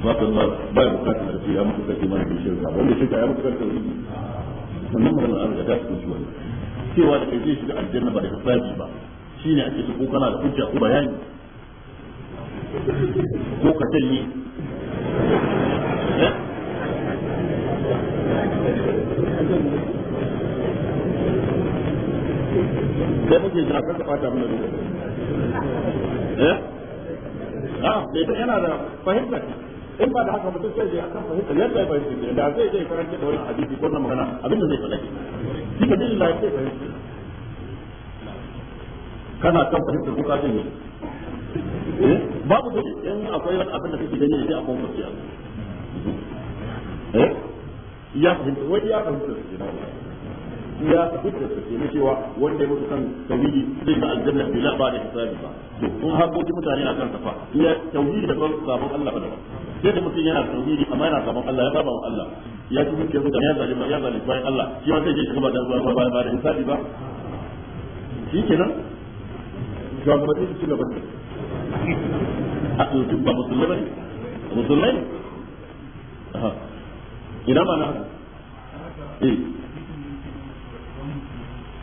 ba ta ba ba da kasa da ya mutu kan imani da shirka wanda shirka ya mutu kan tauhidi sannan magana an riga ta su wani cewa da kai shiga aljanna ba da kafaji ba shine ake so ko kana da hujja ko bayani ko ka tanye Thank eh? you. sai muke jira ka ka fata mana lokaci eh ah bai ta yana da fahimta in ba da haka mutum sai ya kan fahimta yadda ya fahimta da zai zai karanta da wani hadisi ko na magana abin da zai faɗa shi ka dilla yake fahimta kana kan fahimta ko ka jini eh? babu da in akwai wani abin da kake gani sai a kuma eh ya fahimta wai ya fahimta ya fitar da ke cewa wanda ya mutu kan tauhidi zai ga aljanna bila ba da hisabi ba to kun ki mutane a kan safa ya tauhidi da sabon Allah ba sai da mutum yana tauhidi amma yana sabon Allah ya saba wa Allah ya ci mutum yanzu ya zalima ya zalima bayan Allah shi ma zai je shiga ba da ba ba da hisabi ba shikenan shugabanni su gaba a tsotin ba musulmai ba ne musulmai ina ma na eh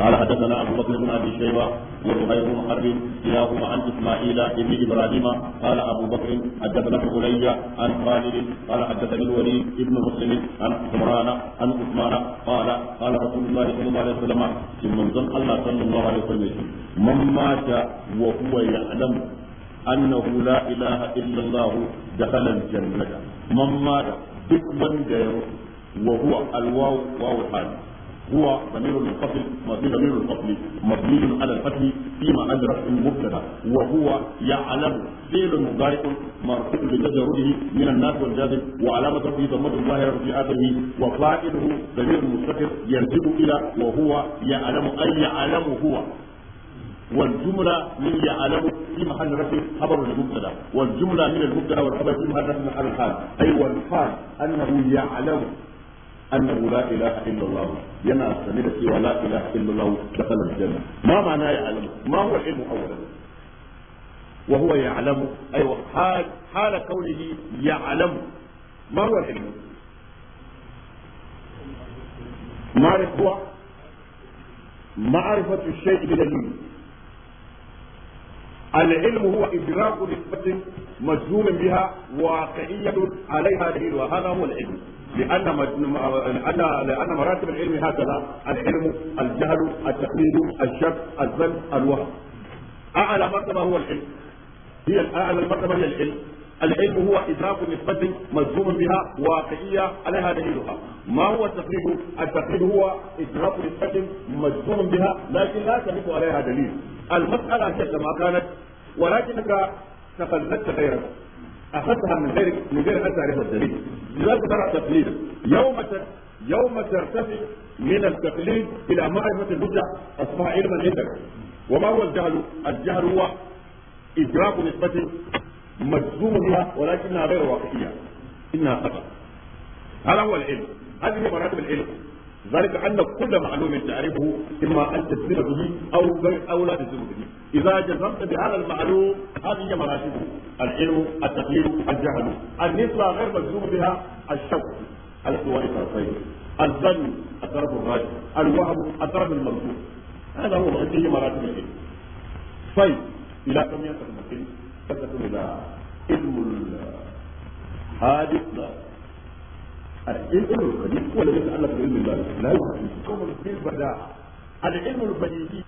قال حدثنا ابو بكر بن ابي شيبه وزهير بن حرب كلاهما عن اسماعيل بن ابراهيم قال ابو بكر حدثنا علي عن خالد قال حدثني الوليد بن مسلم عن عمران عن عثمان قال قال رسول الله صلى الله عليه وسلم في منظم الله صلى الله عليه وسلم من مات وهو يعلم انه لا اله الا الله دخل الجنه من مات duk wanda وهو الواو واو الحال هو ضمير الفصل ضمير الفصل مبني على الفتح فيما أدرك المبتدا وهو يعلم فعل مضارع مرفوع بتجرده من الناس والجاذب وعلامة رفعه ضمة الظاهرة في آخره وفاعله ضمير مستقر يرجع إلى وهو يعلم أي يعلم هو والجملة من يعلم في محل رفع خبر المبتدا والجملة من المبتدا والخبر في محل رفع الحال أي والحال أنه يعلم أنه لا إله إلا الله ينا سنة سوى لا إله إلا الله دخل الجنة ما معنى يعلم ما هو العلم أولا وهو يعلم أي أيوة حال حال كونه يعلم ما هو العلم معرفة معرفة الشيء بدليل العلم هو إدراك نسبة مجزوم بها واقعية عليها دليل وهذا هو العلم لأن لأن لأن مراتب العلم هكذا العلم الجهل التقليد الشك الظن الوهم أعلى مرتبة هو العلم هي اعلى مرتبه هي العلم العلم هو إدراك نسبة مجزوم بها واقعية عليها دليلها ما هو التقليد؟ التقليد هو إدراك نسبة مجزوم بها لكن لا تملك عليها دليل المسألة كما كانت ولكنك تقلدت غيرك أخذتها من غير من غير أن تعرف الدليل لذلك ترى تقليدا يوم يوم ترتفع من التقليد إلى معرفة الحجة أصبح علما عندك وما هو الجهل؟ الجهل هو إدراك نسبة مجزوم بها ولكنها غير واقعية إنها خطأ هذا هو العلم هذه مراتب العلم ذلك أن كل معلوم تعرفه إما أن تجزم به أو أو لا تجزم به إذا جزمت بهذا المعلوم هذه هي مراتبه العلم التقليل الجهل النسبة غير مجزوم بها الشك الاستواء الطرفين الظن الطرف الراجح الوهم الطرف المنصوب هذا هو هذه مراتب العلم طيب إلى كم يصل المسلم؟ إلى علم الهادئ العلم القديم هو الذي تعلق بعلم الله لا يعلم العلم البديهي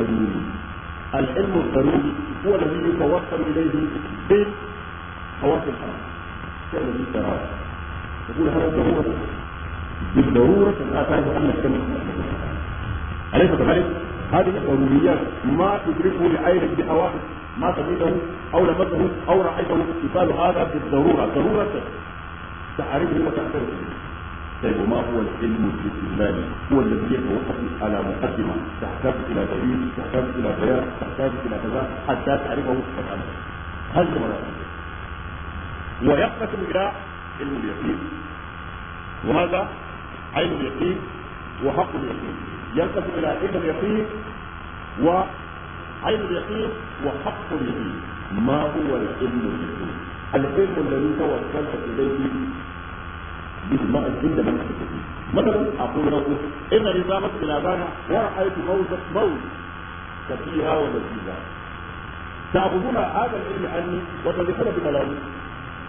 القيوم العلم الضروري هو الذي يتوصل اليه بالحواس الحرام كان لي قراءه يقول هذا ضروره بالضروره لا تعرف انك كم اليس كذلك؟ هذه الضروريات ما تدركه لعينك بحواسك ما تدركه او لمسه او رايته يقال هذا بالضروره ضروره تعرفه وتعترف به وما هو العلم الاستدلالي هو الذي يتوقف على مقدمه تحتاج الى دليل تحتاج الى بيان تحتاج الى كذا حتى تعرفه سبحانه هل كما ويقتسم الى علم اليقين وهذا عين اليقين وحق اليقين ينقسم الى علم اليقين وعين اليقين وحق اليقين ما هو العلم اليقين العلم الذي توكلت اليه بما الجلد من مثلا اقول له ان نظامك بلابانا ورايت موزه موز كثيرا ولذيذا تعبدون هذا العلم عني وتذكر بملاوي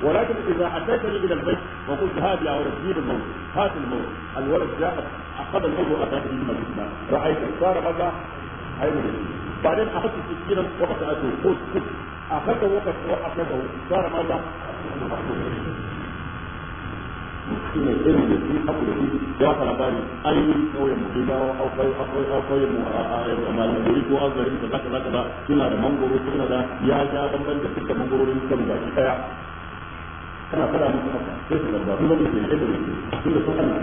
ولكن اذا اتيتني الى البيت وقلت هذا يا ولد جيب الموت هات الموت الولد جاء اخذ الموت واتى من المدينه رايت صار غدا عين بعدين اخذت سكينا وقطعته خذ خذ اخذته وقطعته صار ماذا؟ shine irin da shi abu shi ya fara bari ayi kauyen mu dai dawo akwai mu a ko da zaka zaka da suna da mangoro suna da ya ja banban da suka kana fara musu haka sai su kuma ne sai da shi da sun kana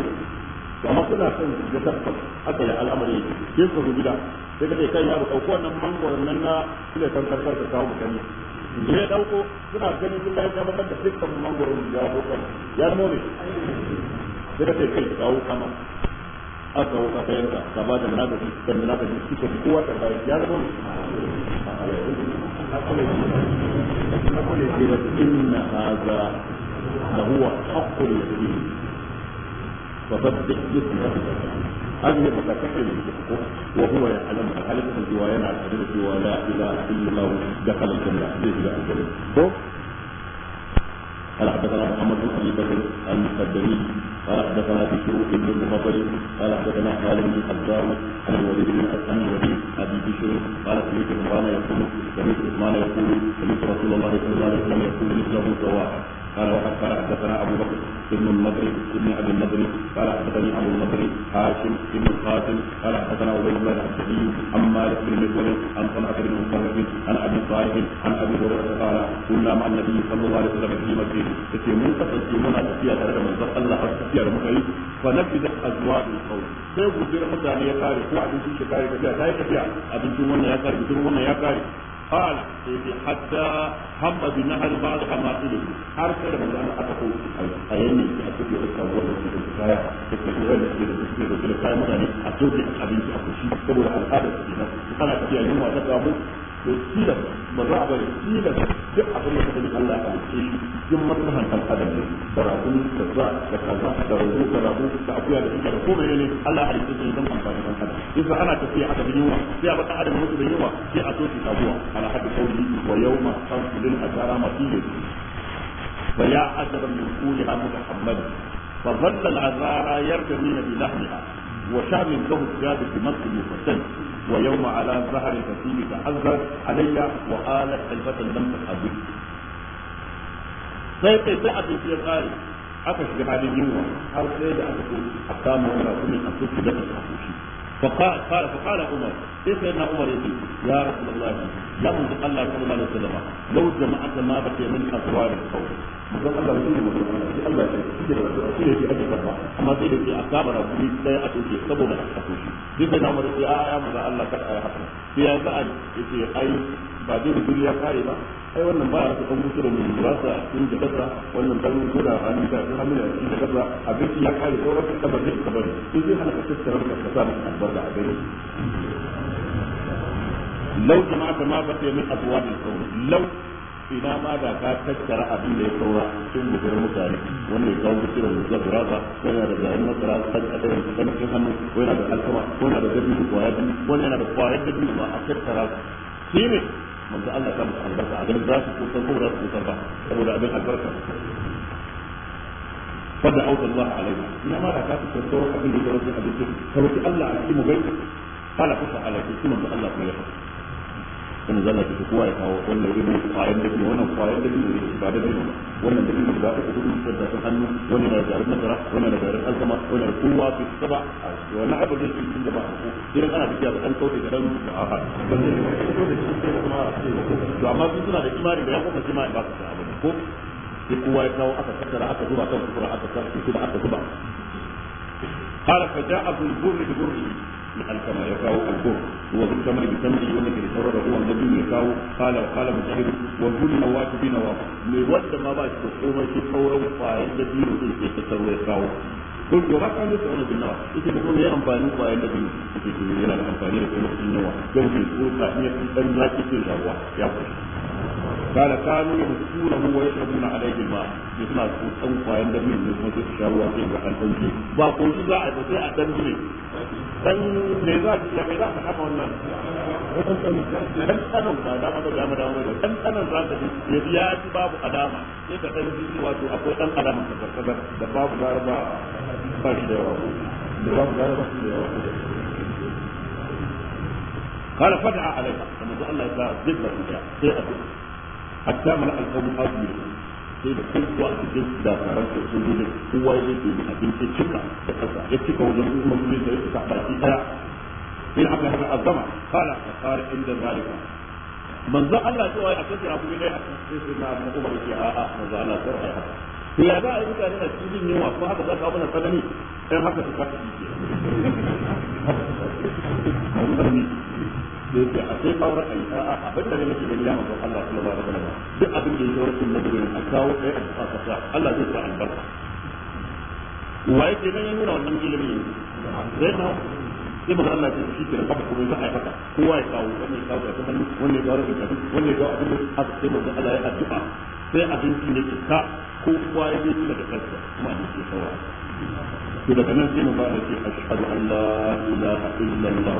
to ma son ya al'amari sai sai ka ce kai ya ba dauko wannan mangoron nan na kila san karkar ka kawo mutane ya dauko suna ganin sun ya da dukkan mangoro ya dauko ya zama sai kama a kawo ka sayar da ka ba da munafiki da munafiki su ta ya zama ne إن هذا لهو هذه المساكين للمتفقون وهو يعلم حالة الرواية على حديث ولا إله إلا الله دخل الجنة ليس له الجنة قال حدثنا محمد بن ابي بكر المقدمي قال حدثنا بشر بن المفضل قال حدثنا خالد بن الحجار عن الوليد بن عن الوليد ابي بشر قال سمعت عمران يقول سمعت عثمان يقول سمعت رسول الله صلى الله عليه وسلم يقول مثله سواء قال وقد حدثنا ابو بكر بن النضر بن ابي النضر قال حدثني ابو النضر هاشم بن القاسم قال حدثنا عبيد الله العبدي عن مالك بن مسلم عن طلحه بن مصطفى عن ابي صالح عن ابي هريره قال كنا مع النبي صلى الله عليه وسلم في مسجد في منطقه في منطقه فيها ترك من الله فيها المخيم فنفذت ازواج القوم sai gudun mutane ya kare ko abincin shi kare tafiya ta yi tafiya abincin wannan ya kare abincin wannan ya kare قال حتى هم بنهر بعض حماسله har sai da manzo aka ko a yanni a cikin da kawo da cikin kaya da cikin da cikin da cikin da cikin kaya mutane a cikin abinci a kushi saboda al'adar su ana tafiya yin wasa da abu وسيلة مرة أبدا سيلة في أبدا كتب الله عن شيء يوم مرة هم القدم تراكم كذا كذا تروه تراكم تأكل هذا كذا كم يعني الله عز وجل يوم هم القدم إذا أنا كفي عدد اليوم في عدد عدد موت اليوم في أسود الأبوة على حد قولي ويوم خمس للأجار مسيح فيا عجبا من قولها متحملا فظل العذارى يرتمين بلحمها وشعب له الجاد في مصر مفتن ويوم على ظهر الكثير تعذر علي وآلت الفتى لم sai sai sai a aka shiga halin yunwa har sai da aka koyi a kama wani فقال عمر كيف عمر يقول يا رسول الله يا من الله صلى الله عليه وسلم لو جمعت ما بقي من اسوار saboda a duk da namu a ya maza Allah kada a yi haka sai ya sa a ce ai ba dai da duniya kare ba ai wannan ba a rasa kan mutu da mai ba sa cikin da kasa wannan kan mutu da hannun ta da hannun da cikin da kasa abinci ya kare sauran ka kabar da kabar sai zai hana ka tattara ka kasa maka albarka a gare لو جمعت ما بقي من أبواب ina ma da ka tattara abin da ya saura sun gudur mutane wanda ya kawo gudurin da zai raba yana da zayin masara kan da kan cikin hannu ko yana da alkama ko yana da gabi ko ya ko yana da kwayar gabi ba a tattara shi ne manzo Allah ta musu albarka a ganin za su kusan ko za su kusan ba saboda abin albarka fadda auta Allah alaihi ina ma da ka tattara abin da ya saura cikin abin da Allah a cikin mu bai kala kusa alaihi manzo Allah ya faɗa sannan zama ta kowa ya kawo wannan irin kwayar da wannan kwayar da ba da wannan da da da hannu wannan da garin masara wannan da garin alkama wannan kowa su abu da su cikin jama'a ko idan ana da ba dan da dan a a to amma suna da imani da ya kuma jima'i ba su da abu ko sai kowa ya kawo aka tattara aka zuba kan kura aka aka zuba قال فجاء ابو البر من الكما يكاو الكور هو وبالتمر بالتمر يقول لك يتصرف هو النبي يكاو قال وقال مشهد وقل نواك في نواك من ود ما باش تقوم تقوم فاعل دبيو يتصرف يكاو kun to ba kan da bin nawa ita da kuma ya amfani da yayin da bin ita ce yana da amfani da kuma bin nawa don bin ko ta iya dan zaki ce ruwa قال كانوا يمسكونه ويشربون عليه الماء يسمع صوت ان قاين دبن من صوت الشاوى في الحلقه باقول ذا ادى ادم dan me za ki za ka wannan dan tsanan ba da ba da da dan za ka ya biya ji babu adama sai ka ji wato akwai dan adama da kaga da babu garba ba shi da yawa da babu garba shi da yawa قال فدعا عليها فنزل الله يسعى ذكر فيها حتى ملأ القوم أجمعين sai da kowa a cikin dakarar da sun zo da kowa ya zo da abinci cika da kasa ya cika wajen umar mai da ya cika baki daya sai da aka haka azama kala a fara inda zalika manzan Allah cewa a cikin abu ne a cikin sai na mu kuma yake a a manzo Allah sai ai haka to ya za a yi mutane na cikin yunwa ko haka za ka na tsanani ɗan haka su ka ci da yake a sai kawar a yi a abin da nake da gida manzon Allah sallallahu alaihi wasallam duk abin da yake wurin da gurin a kawo ɗaya a cikin kasa Allah zai sa albarka wa yake nan ya nuna wannan ilimin sai na sai manzon Allah ya shi kira babu kuma za a yi haka kowa ya kawo wannan kawo da hannu wannan kawo da hannu wannan kawo abin da haka sai manzon Allah ya addu'a sai abin da yake ka kowa ya je daga kansa kuma abin da ya kawo to daga nan sai ba da ce ashhadu an la ilaha illallah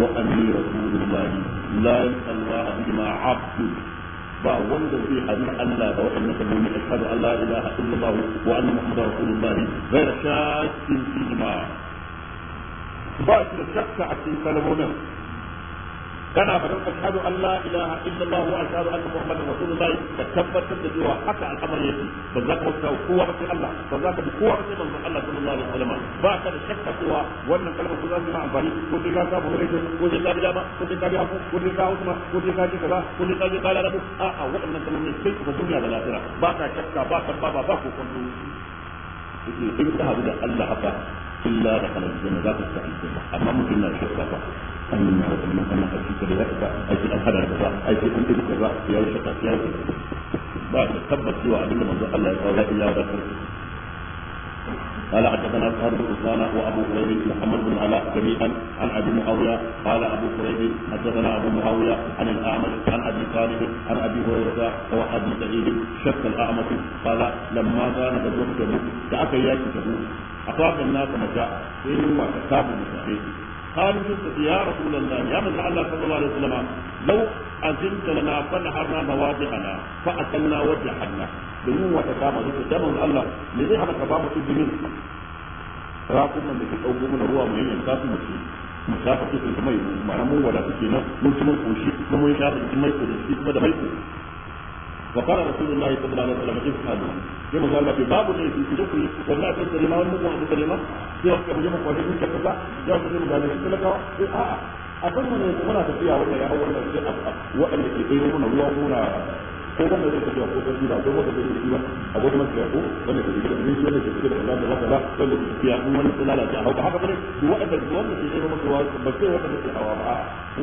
wa anni rasulullahi la ilaha illa abdu ba wanda zai hadu Allah ba wa'annan kalmomi ashhadu an la ilaha illallah wa anna muhammadar rasulullahi ghayra shakkin fi ma ba shi da shakka a cikin kalmomin kana faɗin ashhadu an la ilaha illallah wa ashhadu anna muhammadar rasulullah ka tabbatar da cewa haka al'amari yake ba za ka bauta kowa ba sai Allah ba za ka bi kowa ba sai manzon Allah sallallahu alaihi wasallam ba ka da shakka cewa wannan kalmar ko za ta yi amfani ko ka samu rai ko sai ka bi dama ko sai ka bi ko sai ka hausa ma ko ka ji kaza ko sai ka ji kala rabu a a waɗannan kalmomi sai ka duniya da lafiya ba ka shakka ba ka ba ba ko kullu in ka hadu da Allah haka illa da kalmar da za ka sa amma mutum na shakka ba أن مثلا أجي كذا أجي الخبر كذا أجي أنت كذا في أي شقة في أي بعد تثبت سوى أدلة من الله تعالى إلا ذكر قال حدثنا سهل بن عثمان وابو كريب محمد بن علاء جميعا عن ابي معاويه قال ابو كريب حدثنا ابو معاويه عن الاعمش عن ابي خالد عن ابي هريره وابي سعيد شك الاعمش قال لما كان تزوج تبوك تاكل ياكل تبوك اطاف الناس متاع في وقت تابوا قالوا يا رسول الله يا من الله صلى الله عليه وسلم لو أذنت لنا فنحرنا مواضعنا فأتلنا وجحنا domin wata kama duka daman Allah me zai hana ka ba mutu jinin rakunan da ke ɗauko mana ruwa mu yanyan kasu mutu mu shafa su su mai ma'ana mun wada suke nan mun ci mun koshi mun mun shafa su mai koshi kuma da mai ko wa qala rasulullahi sallallahu alaihi wasallam ifhalu sai manzo Allah babu ne su kuje ku wallahi sai kalima wannan mu kalima sai ku kuje mu kwaje ku kaza ya ku mu gane kala ka sai a a akwai mun ne muna tafiya wanda ya hawo wannan sai a wa'anda ke kai mun ruwa a wata mafiya ko wanda ke a haka haka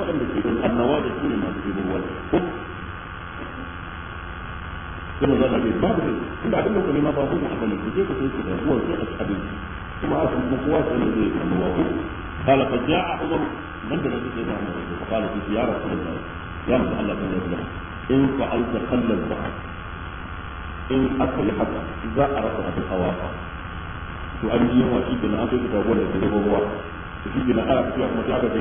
da su ne masu ruwa ko كما قال ابي بدر بعد ما كان ما باغي حفل الكتاب هو في الحديث ثم عرف المقواس الذي هو قال قد جاء عمر من دنا سيدنا عمر قال في زياره رسول الله يا رسول الله صلى الله ان فعلت خل البحر ان اصلحت اذا اردت بالخواطر to an yi yawa shi na an soke sabo da ke zama ruwa shi ke na ana fitowa kuma sai aka ta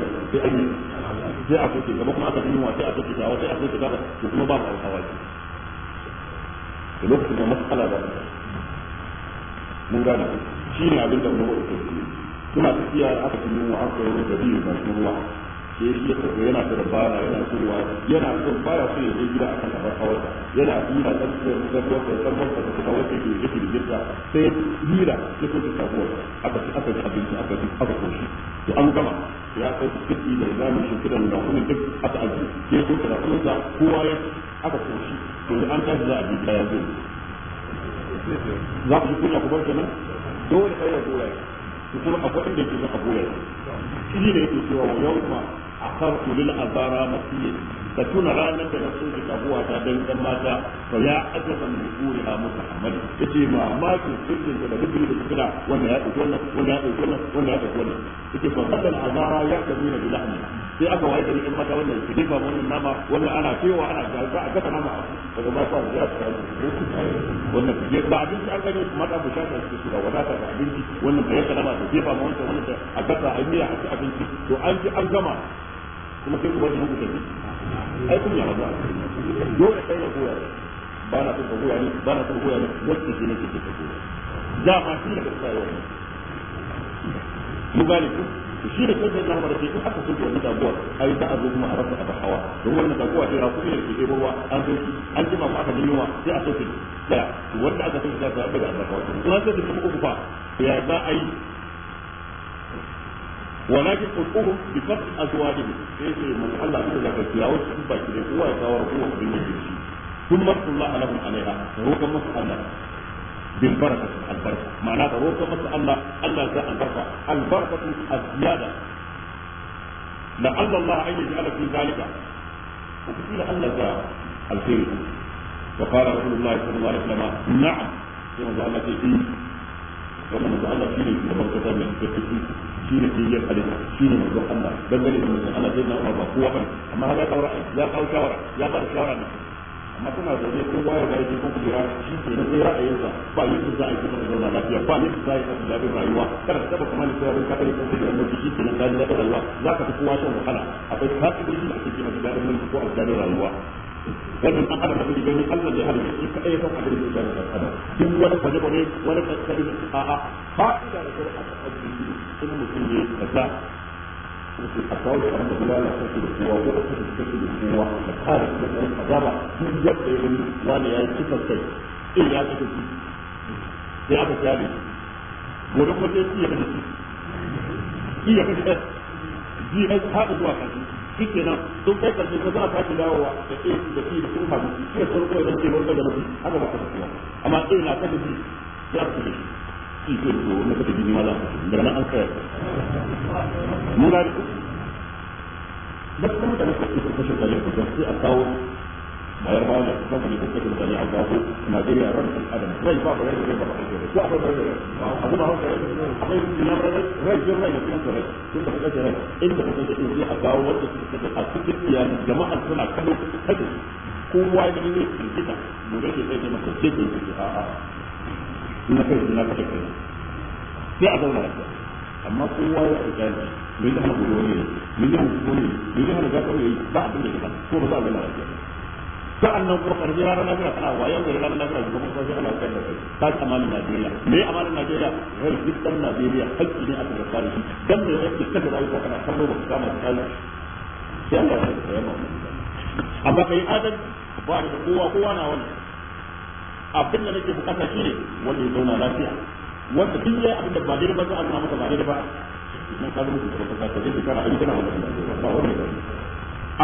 yawa ba sai a kuke gaba kuma aka ji yunwa sai a kuke shawa sai a kuke gaba to kuma ba mu aure hawaye da lokacin da matsala ba ta mun gane shi ne abin da mu wa'u kuma tafiya aka ji yunwa aka yi wani gari da ruwa da yake tafi yana da bana yana cewa yana so baya so ya je gida akan abar hawarsa yana hira da zarwar da zarwar da suka wace ke yake da jirka sai hira ya kuka samuwar aka ci aka ci abinci aka ci aka koshi to an gama ya kai su kirki da zamu shi kiran da kuma duk aka aji ke ko da kuma kowa ya aka koshi to an tashi za a bi gida ya za ku ji kunya ku bar kenan dole kai ya goya kuma akwai inda yake zan a goya shi ne yake cewa yau ma akartu lil azara masiyi ka tuna ranar da na soke kabuwa ta dan dan mata fa ya ajaban bi quriha muhammad kace ma ma ki sirrin da dubi da kira wanda ya dauki wannan wanda ya dauki wannan wanda ya dauki wannan yace fa kadal azara ya kabi bi lahmi sai aka waye da yan mata wannan ki difa wannan nama wannan ana cewa ana ga a gata nama daga ba sa ya ta wannan ki ba abinci an gani mata bu shaka su su da wadata da abinci wannan bai kana ba ki difa wannan wannan a gata a miya a abinci to an ji an gama kuma sai ku bar mu kuka ai kun yawa ba dole sai na goya ba na son ka ni ba na son goya ni wasu shi nake ke ka da ma shi da ka tsaya wannan mu gane ku shi da kansa na haɓar ce in aka soke wani damuwa ai za a zo kuma a rasa a hawa don wannan damuwa ce ra kuma yake ɗebo ruwa an soke an jima ko aka jinyowa sai a soke da wanda aka soke za ta da a rasa wata kuma an soke kuma ku fa ya za a yi ولكن حقوقهم بفتح ازواجه ليس من الله الا ذاك التلاوه تبقى كده هو يصور هو بالمجلس ثم اتقوا الله لهم عليها فهو مسح الله بالبركه البركه معناها فهو مسح الله الله ذا البركه البركه الزياده لعل الله ان يجعل في ذلك وكثير الله ذا الخير وقال رسول الله صلى الله عليه وسلم نعم كما قال لك ان كما قال لك ان shine ne hadisi shine manzo ne manzon Allah dangane da manzon Allah sai na ba kowa bane amma ya kawo ya kawo shawara ya ba shawara ne amma kuma da kowa ya ga yake kuma jira shi ke na sai ra'ayinsa ba a yi kuma zauna lafiya ba yadda za a yi kuma da rayuwa kada ka taba kuma ne sai ka kare kanka da annabi shi ke nan da Allah za ka kuwa kowa shan wahala akwai tasiri da ake kima da mun ko alƙalin rayuwa wannan an adam da gani Allah da halitta shi kadai ya san da da adam duk wani kwaje-kwaje wani kadai a a ba da mutum ne ya ta wasu a kawo da an da ta da kowa ko a kashe ta da kowa da kare da duk yadda ya gani wani ya yi cikin kai in ya kashe sai aka gobe kuma sai ya kashe ya kashe ji ya zuwa kashe shi kenan sun kai karshe ko za a kashe dawowa da ke da ke da sun haɗu su ya sarko ya zance wani da mutum haka ba ka tafiya amma ɗaya na kashe su ya kashe shi shi ko na kasa jini mala da na an kawai mun ga da kuma da kuma da kashe kalli ko sai a kawo bayar ba da kuma da kashe kalli a kawo Najeriya ran adam rai ba rai rai ba ko a rai a kuma hauka rai ina rai rai jin rai da kuma rai tun da kashe rai inda kashe kalli a kawo wanda suke a cikin ya jama'a suna kallo kashe kowa ya ne ke kita gobe ke sai da mace ce ke a a na kai na kashe kai sai a zauna lafiya amma kowa ya fita ne me zai hana gudu ne me zai hana gudu ne me zai hana gasa ne ba abin da ya ko ba za a zauna lafiya sa'annan kuma karfi ranar lafiya kana wayan gari ranar lafiya ga kuma sai Allah ya kai ta ci amanin Najeriya me amanin Najeriya rai duk dan Najeriya hakki ne aka rafa shi dan me yake kada rayuwa kana kallo ba ka ma kai sai Allah ya kai amma kai adam ba da kowa kowa na wannan abin da nake bukata ne wanda ya zauna lafiya wanda duk ya abin ba daidai ba za a zama masa ba daidai ba nan ka zama kuma ka ta dai kana abin kana ba wani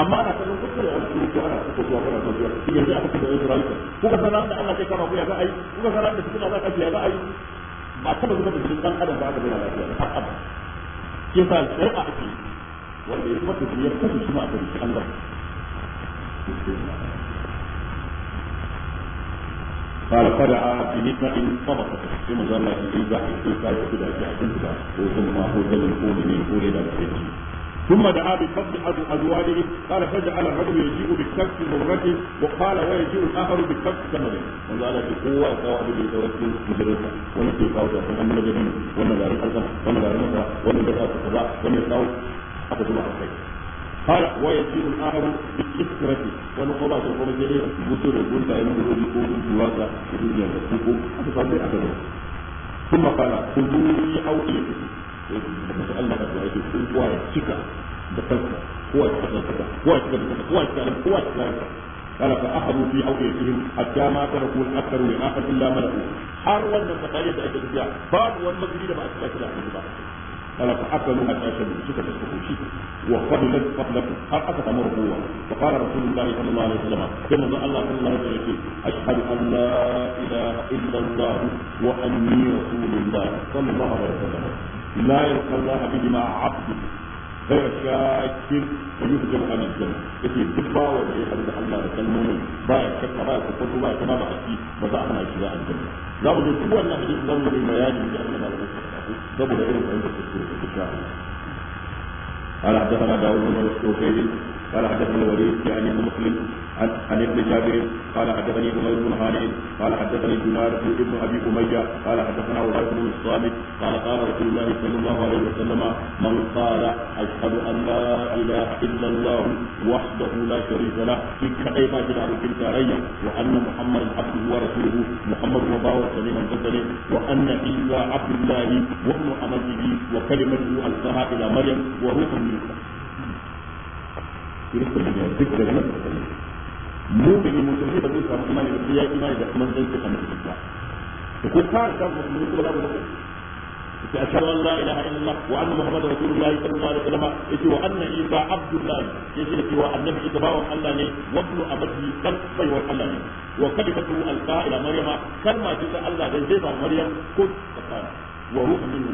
amma ana kallon da a cikin ko ana kuskure ko ana kuskure yanzu aka kuskure da rayuwa ko ka da Allah kai kana ko za a yi ko ka sanar da cikin Allah kai za a yi ba taba zuba da cikin dan adam ba aka zauna lafiya ba haka ba yasa shari'a ake wanda ya kuma tafiya kashi shi a kan Allah قال فدعا بنفع طبقة في مجال الإنزاع في كاية كده في أسنسة وثم هو ذل القول من قول إلى ثم دعا بفضل أزواجه قال فجعل الرجل يجيء بكف مرته وقال ويجيء الآخر بكف ثمره وقال بقوة سواء بيتوكل مجرسة ونسي قوته فأنا نجدين ونبارك الأرض ونبارك الأرض ونبارك الأرض ونبارك الأرض ونبارك الأرض har waya ci in aron iskirati wani ko ba su kuma jere a cikin da gudu da yin gudu ko gudu ba ga cikin yadda su ko a cikin da aka zama sun makala ku zuri ya auki ya fi da masu allah ka zuwa ya ce sun kuwa ya cika da kanka kowa ya cika da kanka kowa ya cika da kanka kowa ya cika da kowa ya cika da kanka kana ka aka fi auki ya cikin a jama ta da kuma aka ruwa ya aka tun lamarin har wannan da ake tafiya ba wani magiri da ba a cika da ake قال فاكلوا ما تاكلوا سكت السكوشي وفضلت فضلكم هل اتت مرقوة فقال رسول الله صلى الله عليه وسلم كما الله صلى الله عليه وسلم اشهد ان لا اله الا الله واني رسول الله صلى الله عليه وسلم لا يلقى الله بهما عبد غير شاك ويهجر عن الجنة إذا تبا وجه حمد الله يكلمون باي كتا باي كتبوا باي كما بحكي بزعنا اشياء الجنة لا بد تقول لك ان الله بما يجب ان يعمل saboda irin fahimtar kuskure da kuka قال حدثنا داود بن مسعود قال حدثني الوليد يعني ابن مسلم عن ابن جابر قال حدثني عمر بن خالد قال حدثني جمار بن ابي اميه قال حدثنا عباد بن الصامت قال قال رسول الله صلى الله عليه وسلم من قال اشهد ان لا اله الا الله وحده لا شريك له في كتيبه جنابك التاريه وان محمد عبده ورسوله محمد وباور سليم البصري وان عيسى عبد الله وابن عمله وكلمته القاها الى مريم وروح منه kirista da duk da nan mu da mu sai da mun samu imani da ya imani da kuma zai tsaka mutum ba to ko ka da mu ko da mu ta la ilaha illallah wa anna muhammadar rasulullahi sallallahu alaihi wasallam yace wa anna isa abdullah yace da cewa annabi isa bawan Allah ne wa ibnu abdi kan baiwa Allah ne wa kalimatu alqa'ila maryama kalma ce ta Allah dan zai ba maryam ko ta wa ruhu min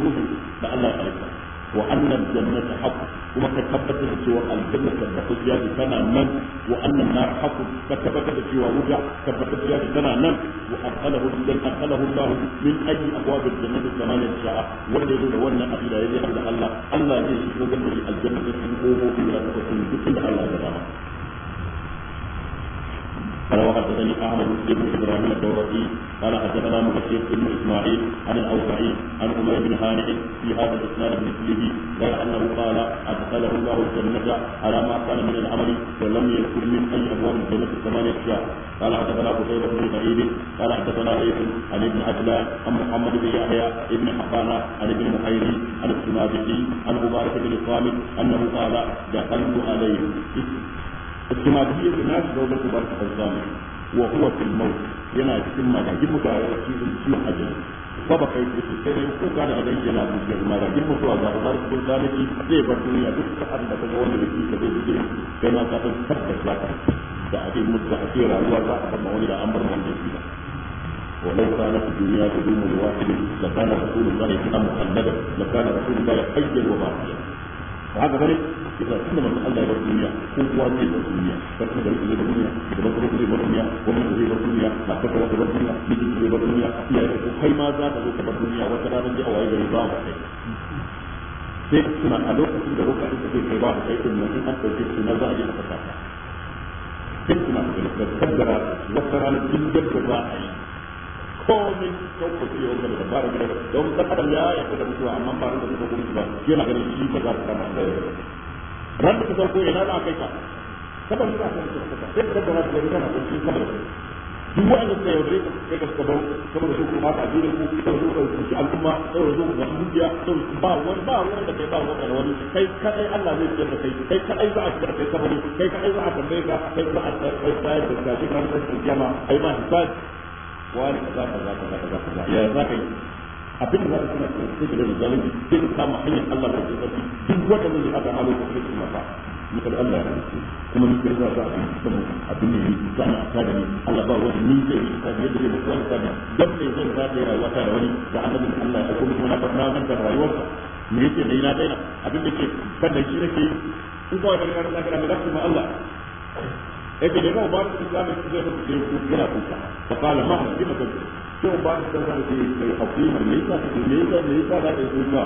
ruhi da Allah ya alƙa wa annal jannata haqq kuma ka tabbatar da cewa aljanna tabbatar ya ji tana nan wa annan nar haqq ka tabbatar da cewa wuta tabbatar ya ji tana nan wa aqalahu dan aqalahu Allah min ajli abwab aljannati thamaniya sha'a wanda yake da wannan aqida yayi da Allah Allah zai shiga da aljanna da kuma ko da da Allah da ba قال وحدثني احمد بن ابراهيم الدورقي قال حدثنا مبشر بن اسماعيل عن الاوفعي عن عمر بن هانئ في هذا الاسلام بمثله غير انه قال ادخله الله الجنه على ما كان من العمل ولم يكن من اي ابواب الجنه الثمانيه اشياء قال حدثنا قتيبة بن سعيد قال حدثنا ليث عن ابن عجلان عن محمد بن يحيى ابن حقانة عن ابن محيري عن السنابقي عن مبارك بن صامت انه قال دخلت عليه اجتماعية الناس دولة تبارك الزامن وهو في الموت ينا يتم يجب على ركيز في حجر طبق يتسير وكان عليه ينا بجر ما يجب على تبارك الزامن زي بردنيا تسكى أن تدعون بكي كبير جيد كما تقول تبقى لك تعطي مدة أخيرة الله لا أفضل إلى أمر من جديد ولو كانت الدنيا تدوم لواحد لكان رسول الله محمدا لكان رسول الله حيا وباقيا وهذا ذلك yasa tunda manzo Allah ya bar duniya ko kuwa zai bar duniya sarki da zai bar duniya da ba zai bar duniya wannan zai bar duniya ba ta zai bar duniya miji zai bar duniya ya ko kai ma za ka zo ka bar duniya wata rana ji a waye gari ba ba kai sai suna a lokacin da lokacin da kai ba kai din nan in an dauke shi na za a yi haka sai suna da kaddara wata ranar duk da za a yi komai ɗaukar su yawon da dabarar gida don ɗan adam ya yarda da mutuwa amma ba da mutuwa yana ganin shi ba za su kama da ran da ka farko ina za a kai ka kabar ka san ka sai ka gaba da kana da shi kabar duk wanda sai yaudare ka kai ka kabar kabar su kuma ta jira ku ka zo ka ci al'umma sai zo ka dubiya sai ba wani ba wani da kai ba wani da wani kai kadai Allah zai tsaya da kai kai kadai za a tsaya kai kabar kai kadai za a tambaye ka kai za a tsaya da kai kan sai kiyama ai ma hisabi wani kaza kaza kaza kaza ya za ka yi abin da za ka suna cikin sai ka da zalim sai ka kama hanyar Allah da ke sarki duk wanda zai haka ma ko da kuma ba ni kada Allah ya halice kuma ni kai za ka abin sama abin ne ni za na ta da ni Allah ba wani ni zai ka da yadda zai kuwa ta da dan ne zan za ta rayuwa ta da wani da annabi Allah ya kuma kuma na fara nan da rayuwarsa me yake dai na daina abin da ke da shi nake in kawai da ranar da da kuma Allah yake da ba ba da islamin zai fito yana kuka fa qala mahra bima kuntum to ba ka san ce kai hakima me yasa me yasa me yasa da kai kuma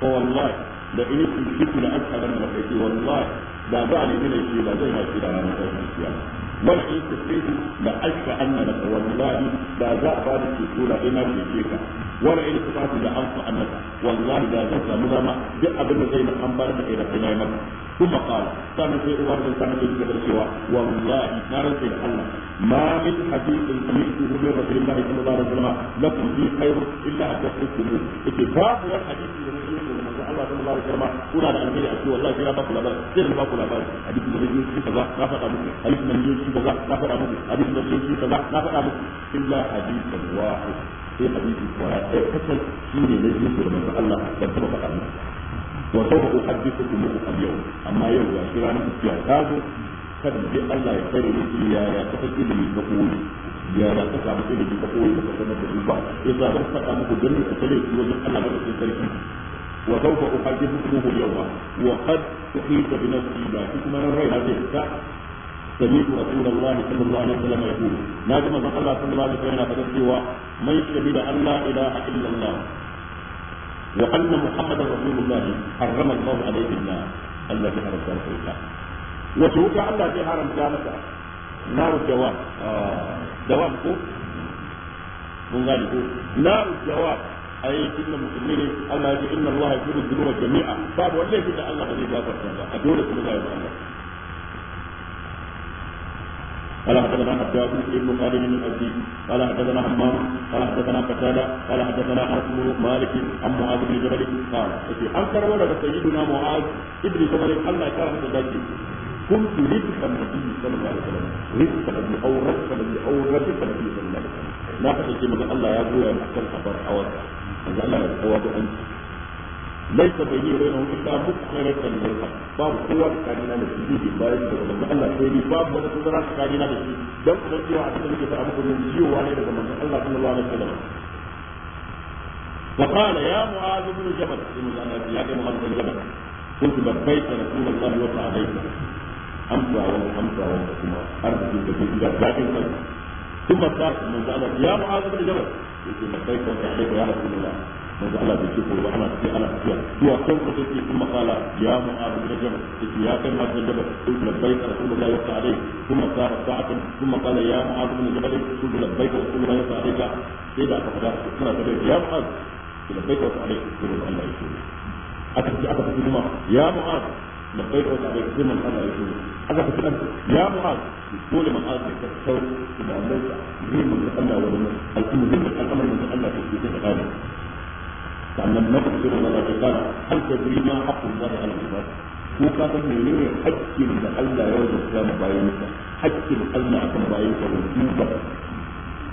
ko wallahi da ini shi shi da aka da na kai wallahi da ba ni ne shi ba zai ma shi da ranar kiyama wani in ka da aka an na wallahi da za a ba da ke tura ina ke ka wala in da an fa annaka wallahi da zan samu dama duk abin da zai na an bar da kai da kai maka kuma qala sana sai ubar da sana da cewa wallahi na rantsa da Allah ma min hadithin sami'tuhu min rasulillah sallallahu alaihi wasallam lakum fi khair illa ataqakum ite babu wani hadisi da nake da manzo Allah sallallahu alaihi wasallam kuna da alheri a cikin wallahi na ku labari sai na ku labari hadisi da nake shi kaza na faɗa muku hadisi da nake shi kaza na faɗa muku hadisi da nake shi kaza na faɗa muku illa hadithan wahid sai hadisi kwaya ɗaya kacal shi ne na biyu da manzo Allah da taɓa faɗa muku wa sawfa uhaddithukum al yawm amma yau ga shi ranar tafiya ta zo kada dai Allah ya kare ni ya ya kafa ilimi ka koyi ya ya ka samu ilimi ka koyi ka sanar da duba sai za ka faɗa muku dan ku kare ki wajen Allah ba sai sarki wa sawfa uhaddithukum al yawm wa qad tuhita bi nafsi la kuma ran rai da ta سمعت رسول الله صلى الله عليه وسلم يقول ما كما الله صلى الله عليه وسلم فدسوا من شهد أن لا إله إلا الله وأن محمدا رسول الله حرم الله عليه النار الذي حرم رسول الله وتوك الله في حرم جامك نار الجواب آه. دوام من ذلك نار الجواب أي إن المسلمين الله إن الله يغفر الذنوب جميعا باب والذي الله الذي غفر أدولة الله قال حدثنا حجاج بن خالد بن الازدي قال حدثنا حمام قال حدثنا قتادة قال حدثنا انس بن مالك عن معاذ بن جبل قال في انكر ولا سيدنا معاذ ابن جبل الله كره تدري كنت رزق النبي صلى الله عليه وسلم رزق النبي او رزق النبي او رزق النبي صلى الله عليه وسلم na kasance manzon الله ya goya kan kafar awarsa manzon Allah ya kowa ليس بيني وبينهم الا بكرة الليل باب قوة كاننا نسجد باين لما الله سيدي باب من الصدرات كاننا نسجد دم خلقي وعدت لك فأبوكم من جيو وعلي لما الله صلى الله عليه وسلم فقال يا معاذ بن جبل يا معاذ بن جبل قلت لبيك رسول الله وسعديك أمسى أمسى وأمسى وأمسى أرضك بكيك لكن ثم قال يا معاذ بن جبل قلت لبيك رسول الله رسول الله manzo Allah bai ce ko ba ana tafiya ana tafiya zuwa kan kusa ce kuma kala ya mu'azu bin jabal yace ya kai ma bin jabal kun labbaika rasulullahi wa ta'ala kuma sara sa'atan kuma kala ya mu'azu bin jabal kun labbaika rasulullahi wa ta'ala sai da aka fada suna tafiya ya mu'azu labbaika wa ta'ala kuma Allah ya ce aka ce aka tafi kuma ya mu'azu labbaika wa ta'ala kuma Allah ya ce aka tafi ya mu'azu dole mu'azu ya kakkau da Allah zai mun Allah wa al'amrin al'amrin Allah ya ce ta kada لأن النبي صلى الله عليه وسلم هل تدري ما حق الله على العباد؟ هو كان من يقول حج من ألا يوجد كان بايعك حج من ألا كان بايعك وجوبا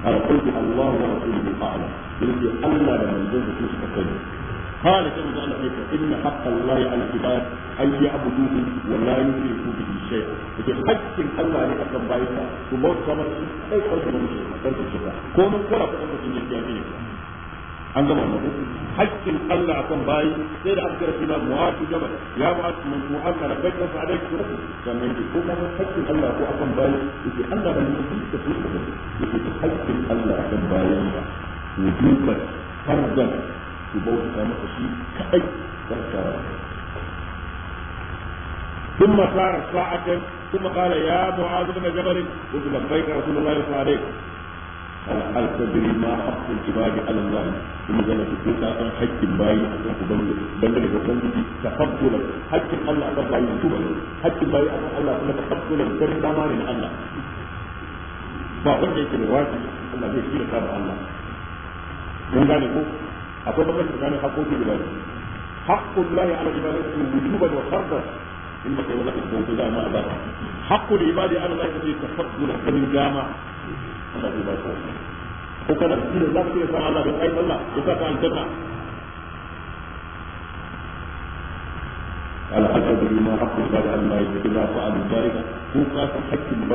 أنا قلت الله ورسوله أعلم قلت لما من جنس تشكى كله قال كما قال عيسى إن حق الله على العباد أن يعبدوه ولا يشركوا به شيئا إذا حج من ألا كان بايعك وموت صبر أي قلت من شيء قلت الشفاء كون كرة قلت من الجاهلية an gama wannan hakkin Allah akan bayi sai da aka kira muwatu gaba ya ba su mu'atu min mu'akkara baita fa alai shirku sannan ki ko kuma hakkin Allah ko akan bayi yake Allah ban yi da su yake hakkin Allah akan bayan ba wujuban fardan ku bauta masa shi kadai dan tsara ثم صار ساعة ثم قال يا معاذ بن جبل قلت لبيك رسول الله صلى الله عليه وسلم alka biri ma ibadi ala Allah kuma bayi a kan ubangi da Allah bayi su bayi Allah kuma dan dama ne Allah ba wanda yake Allah zai kira ka ba Allah mun gane ko akwai bambanci tsakanin da bayi lahi ala wujuban wa fardan in ba kai da ma ba ibadi ala Allah yake dama da zai bako ko kada su da za Allah da ƙarfi Allah ya sa ta antaka da lima haku da Allah ya fi za ku alu bari ka ku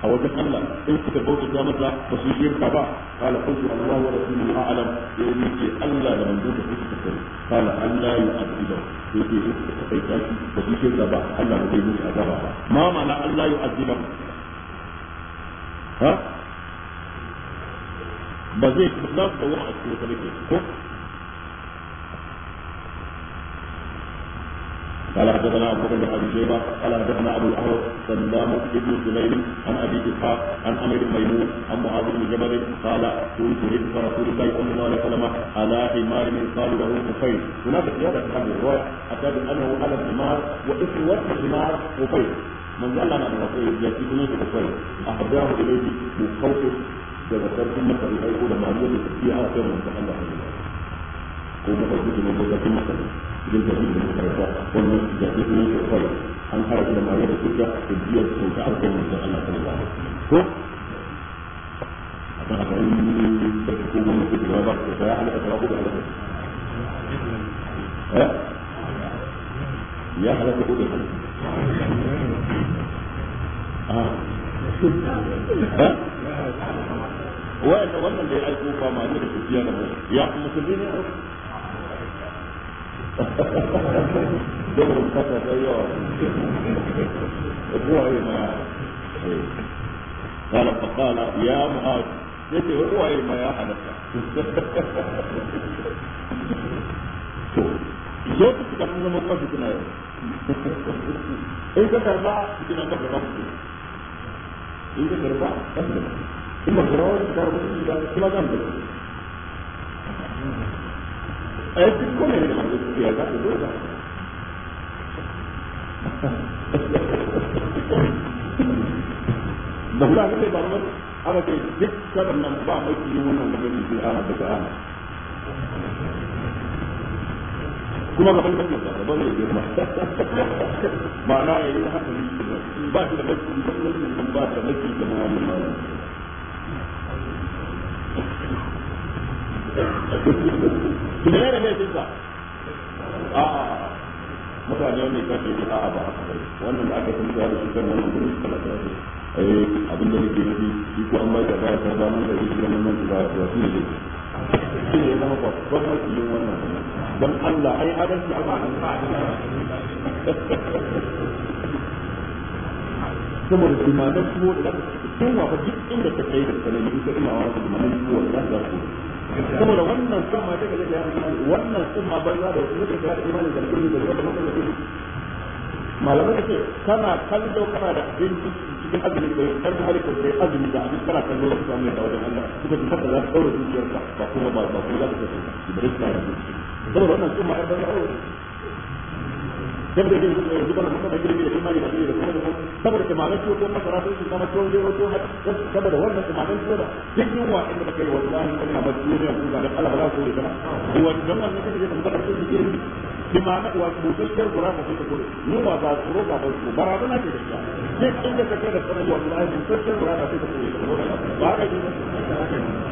a wajen Allah in kuka bauta ta masa ba su yi ka ba kala kuntu Allah wa a alam ya yi ke da manzo da kuka kai kala Allah ya addu da ya ke kuka kai ta ba su yi ka ba Allah ba zai yi azaba Allah ya addu ha ba zai za su dawo a cikin wata ke ko قال حدثنا ابو بكر بن ابي شيبه قال حدثنا ابو الاحوص سلام بن سليم عن ابي اسحاق عن عمرو بن ميمون عن معاذ بن جبل قال كنت رزق رسول الله صلى الله عليه وسلم على حمار من قال له كفيل هناك زياده في هذه الروايه اتى بانه على الحمار واسوه الحمار كفيل من قال لنا ان الرسول ياتي بنوت كفيل اهداه اليه من خوفه daga sarkin masar ya aiko da ma'amiyar da tafiya a Allah ko kuma idan da makarata wannan da ya kai an fara da da tafiya da a Allah ko da kuma ba da ya ko da wanda wannan da ya aiko ba ma ne da tafiya da mai ya fi musulmi ne a da ba ta ta da yawa ruwa ya ma قال فقال يا معاذ yake ruwa ya ma ya halatta to yau kuka kan zama kwashi kuna yau in ka karba kina ka karba in ka karba kan karba immer grosser sulla gamba. E siccome mi hanno spiegato ne ba wani ana ce duk kuma ba ma'ana ya yi haka ba shi da da da to da ne sai ka a mutane wanda ka ce a ba haka bai wannan da aka tunta da shi kan nan gurin kala da shi eh abin da yake nufi shi ko an bai da ba ta zama da shi nan nan ba ba shi ne shi ne zama ba ba ba shi wannan dan Allah ai adalci a ba saboda dumanan kuma da za ka cikin wafa duk inda ka kai da sanannu ka ina wa da dumanan kuma da za ka saboda wannan summa take da ya wannan summa banza da wasu suka da imanin da kuma da wata mutum da malamai ce kana kallo kana da abinci cikin azumi da yar hali da azumi da abin kana kallo su amma da wajen Allah suka ji haka za su daura zuciyarka ba kuma ba ba kuma za su ce ba da saboda wannan summa ai banza dan da jin yanzu kana kuma da girbi da imani da da kuma saboda kimanin ciwo ko masara ko kuma ciwo ne ko saboda wannan kimanin ciwo da duk yunwa inda da kai wallahi kana ba ciwo ne ko da Allah ba za ku yi kana wannan wannan kake da kuma da ciwo ne kimanin wa ko sai kar gura ko ko yunwa ba tsoro ba ba ko barazana ce da shi duk inda kake da sanin wallahi ko sai kar gura ko ko ba ka yi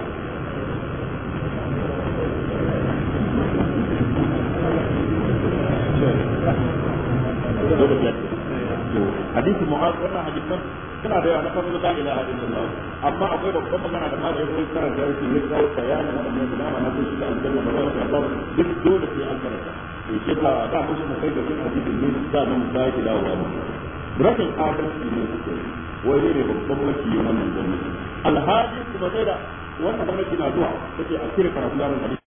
lokaci ya to hadisi mu'az wannan hadisan suna da yawa na da ila hadin Allah amma akwai da magana da malai ko tsara da yake ne da bayanin da ma shi da da Allah duk dole sai an to shi ba da kai da hadisi ne da mun sake rashin adalci ne suke wai ne babban maki wannan gwamnati alhaji kuma sai da wannan gwamnati na zuwa take a kira karatu da hadisi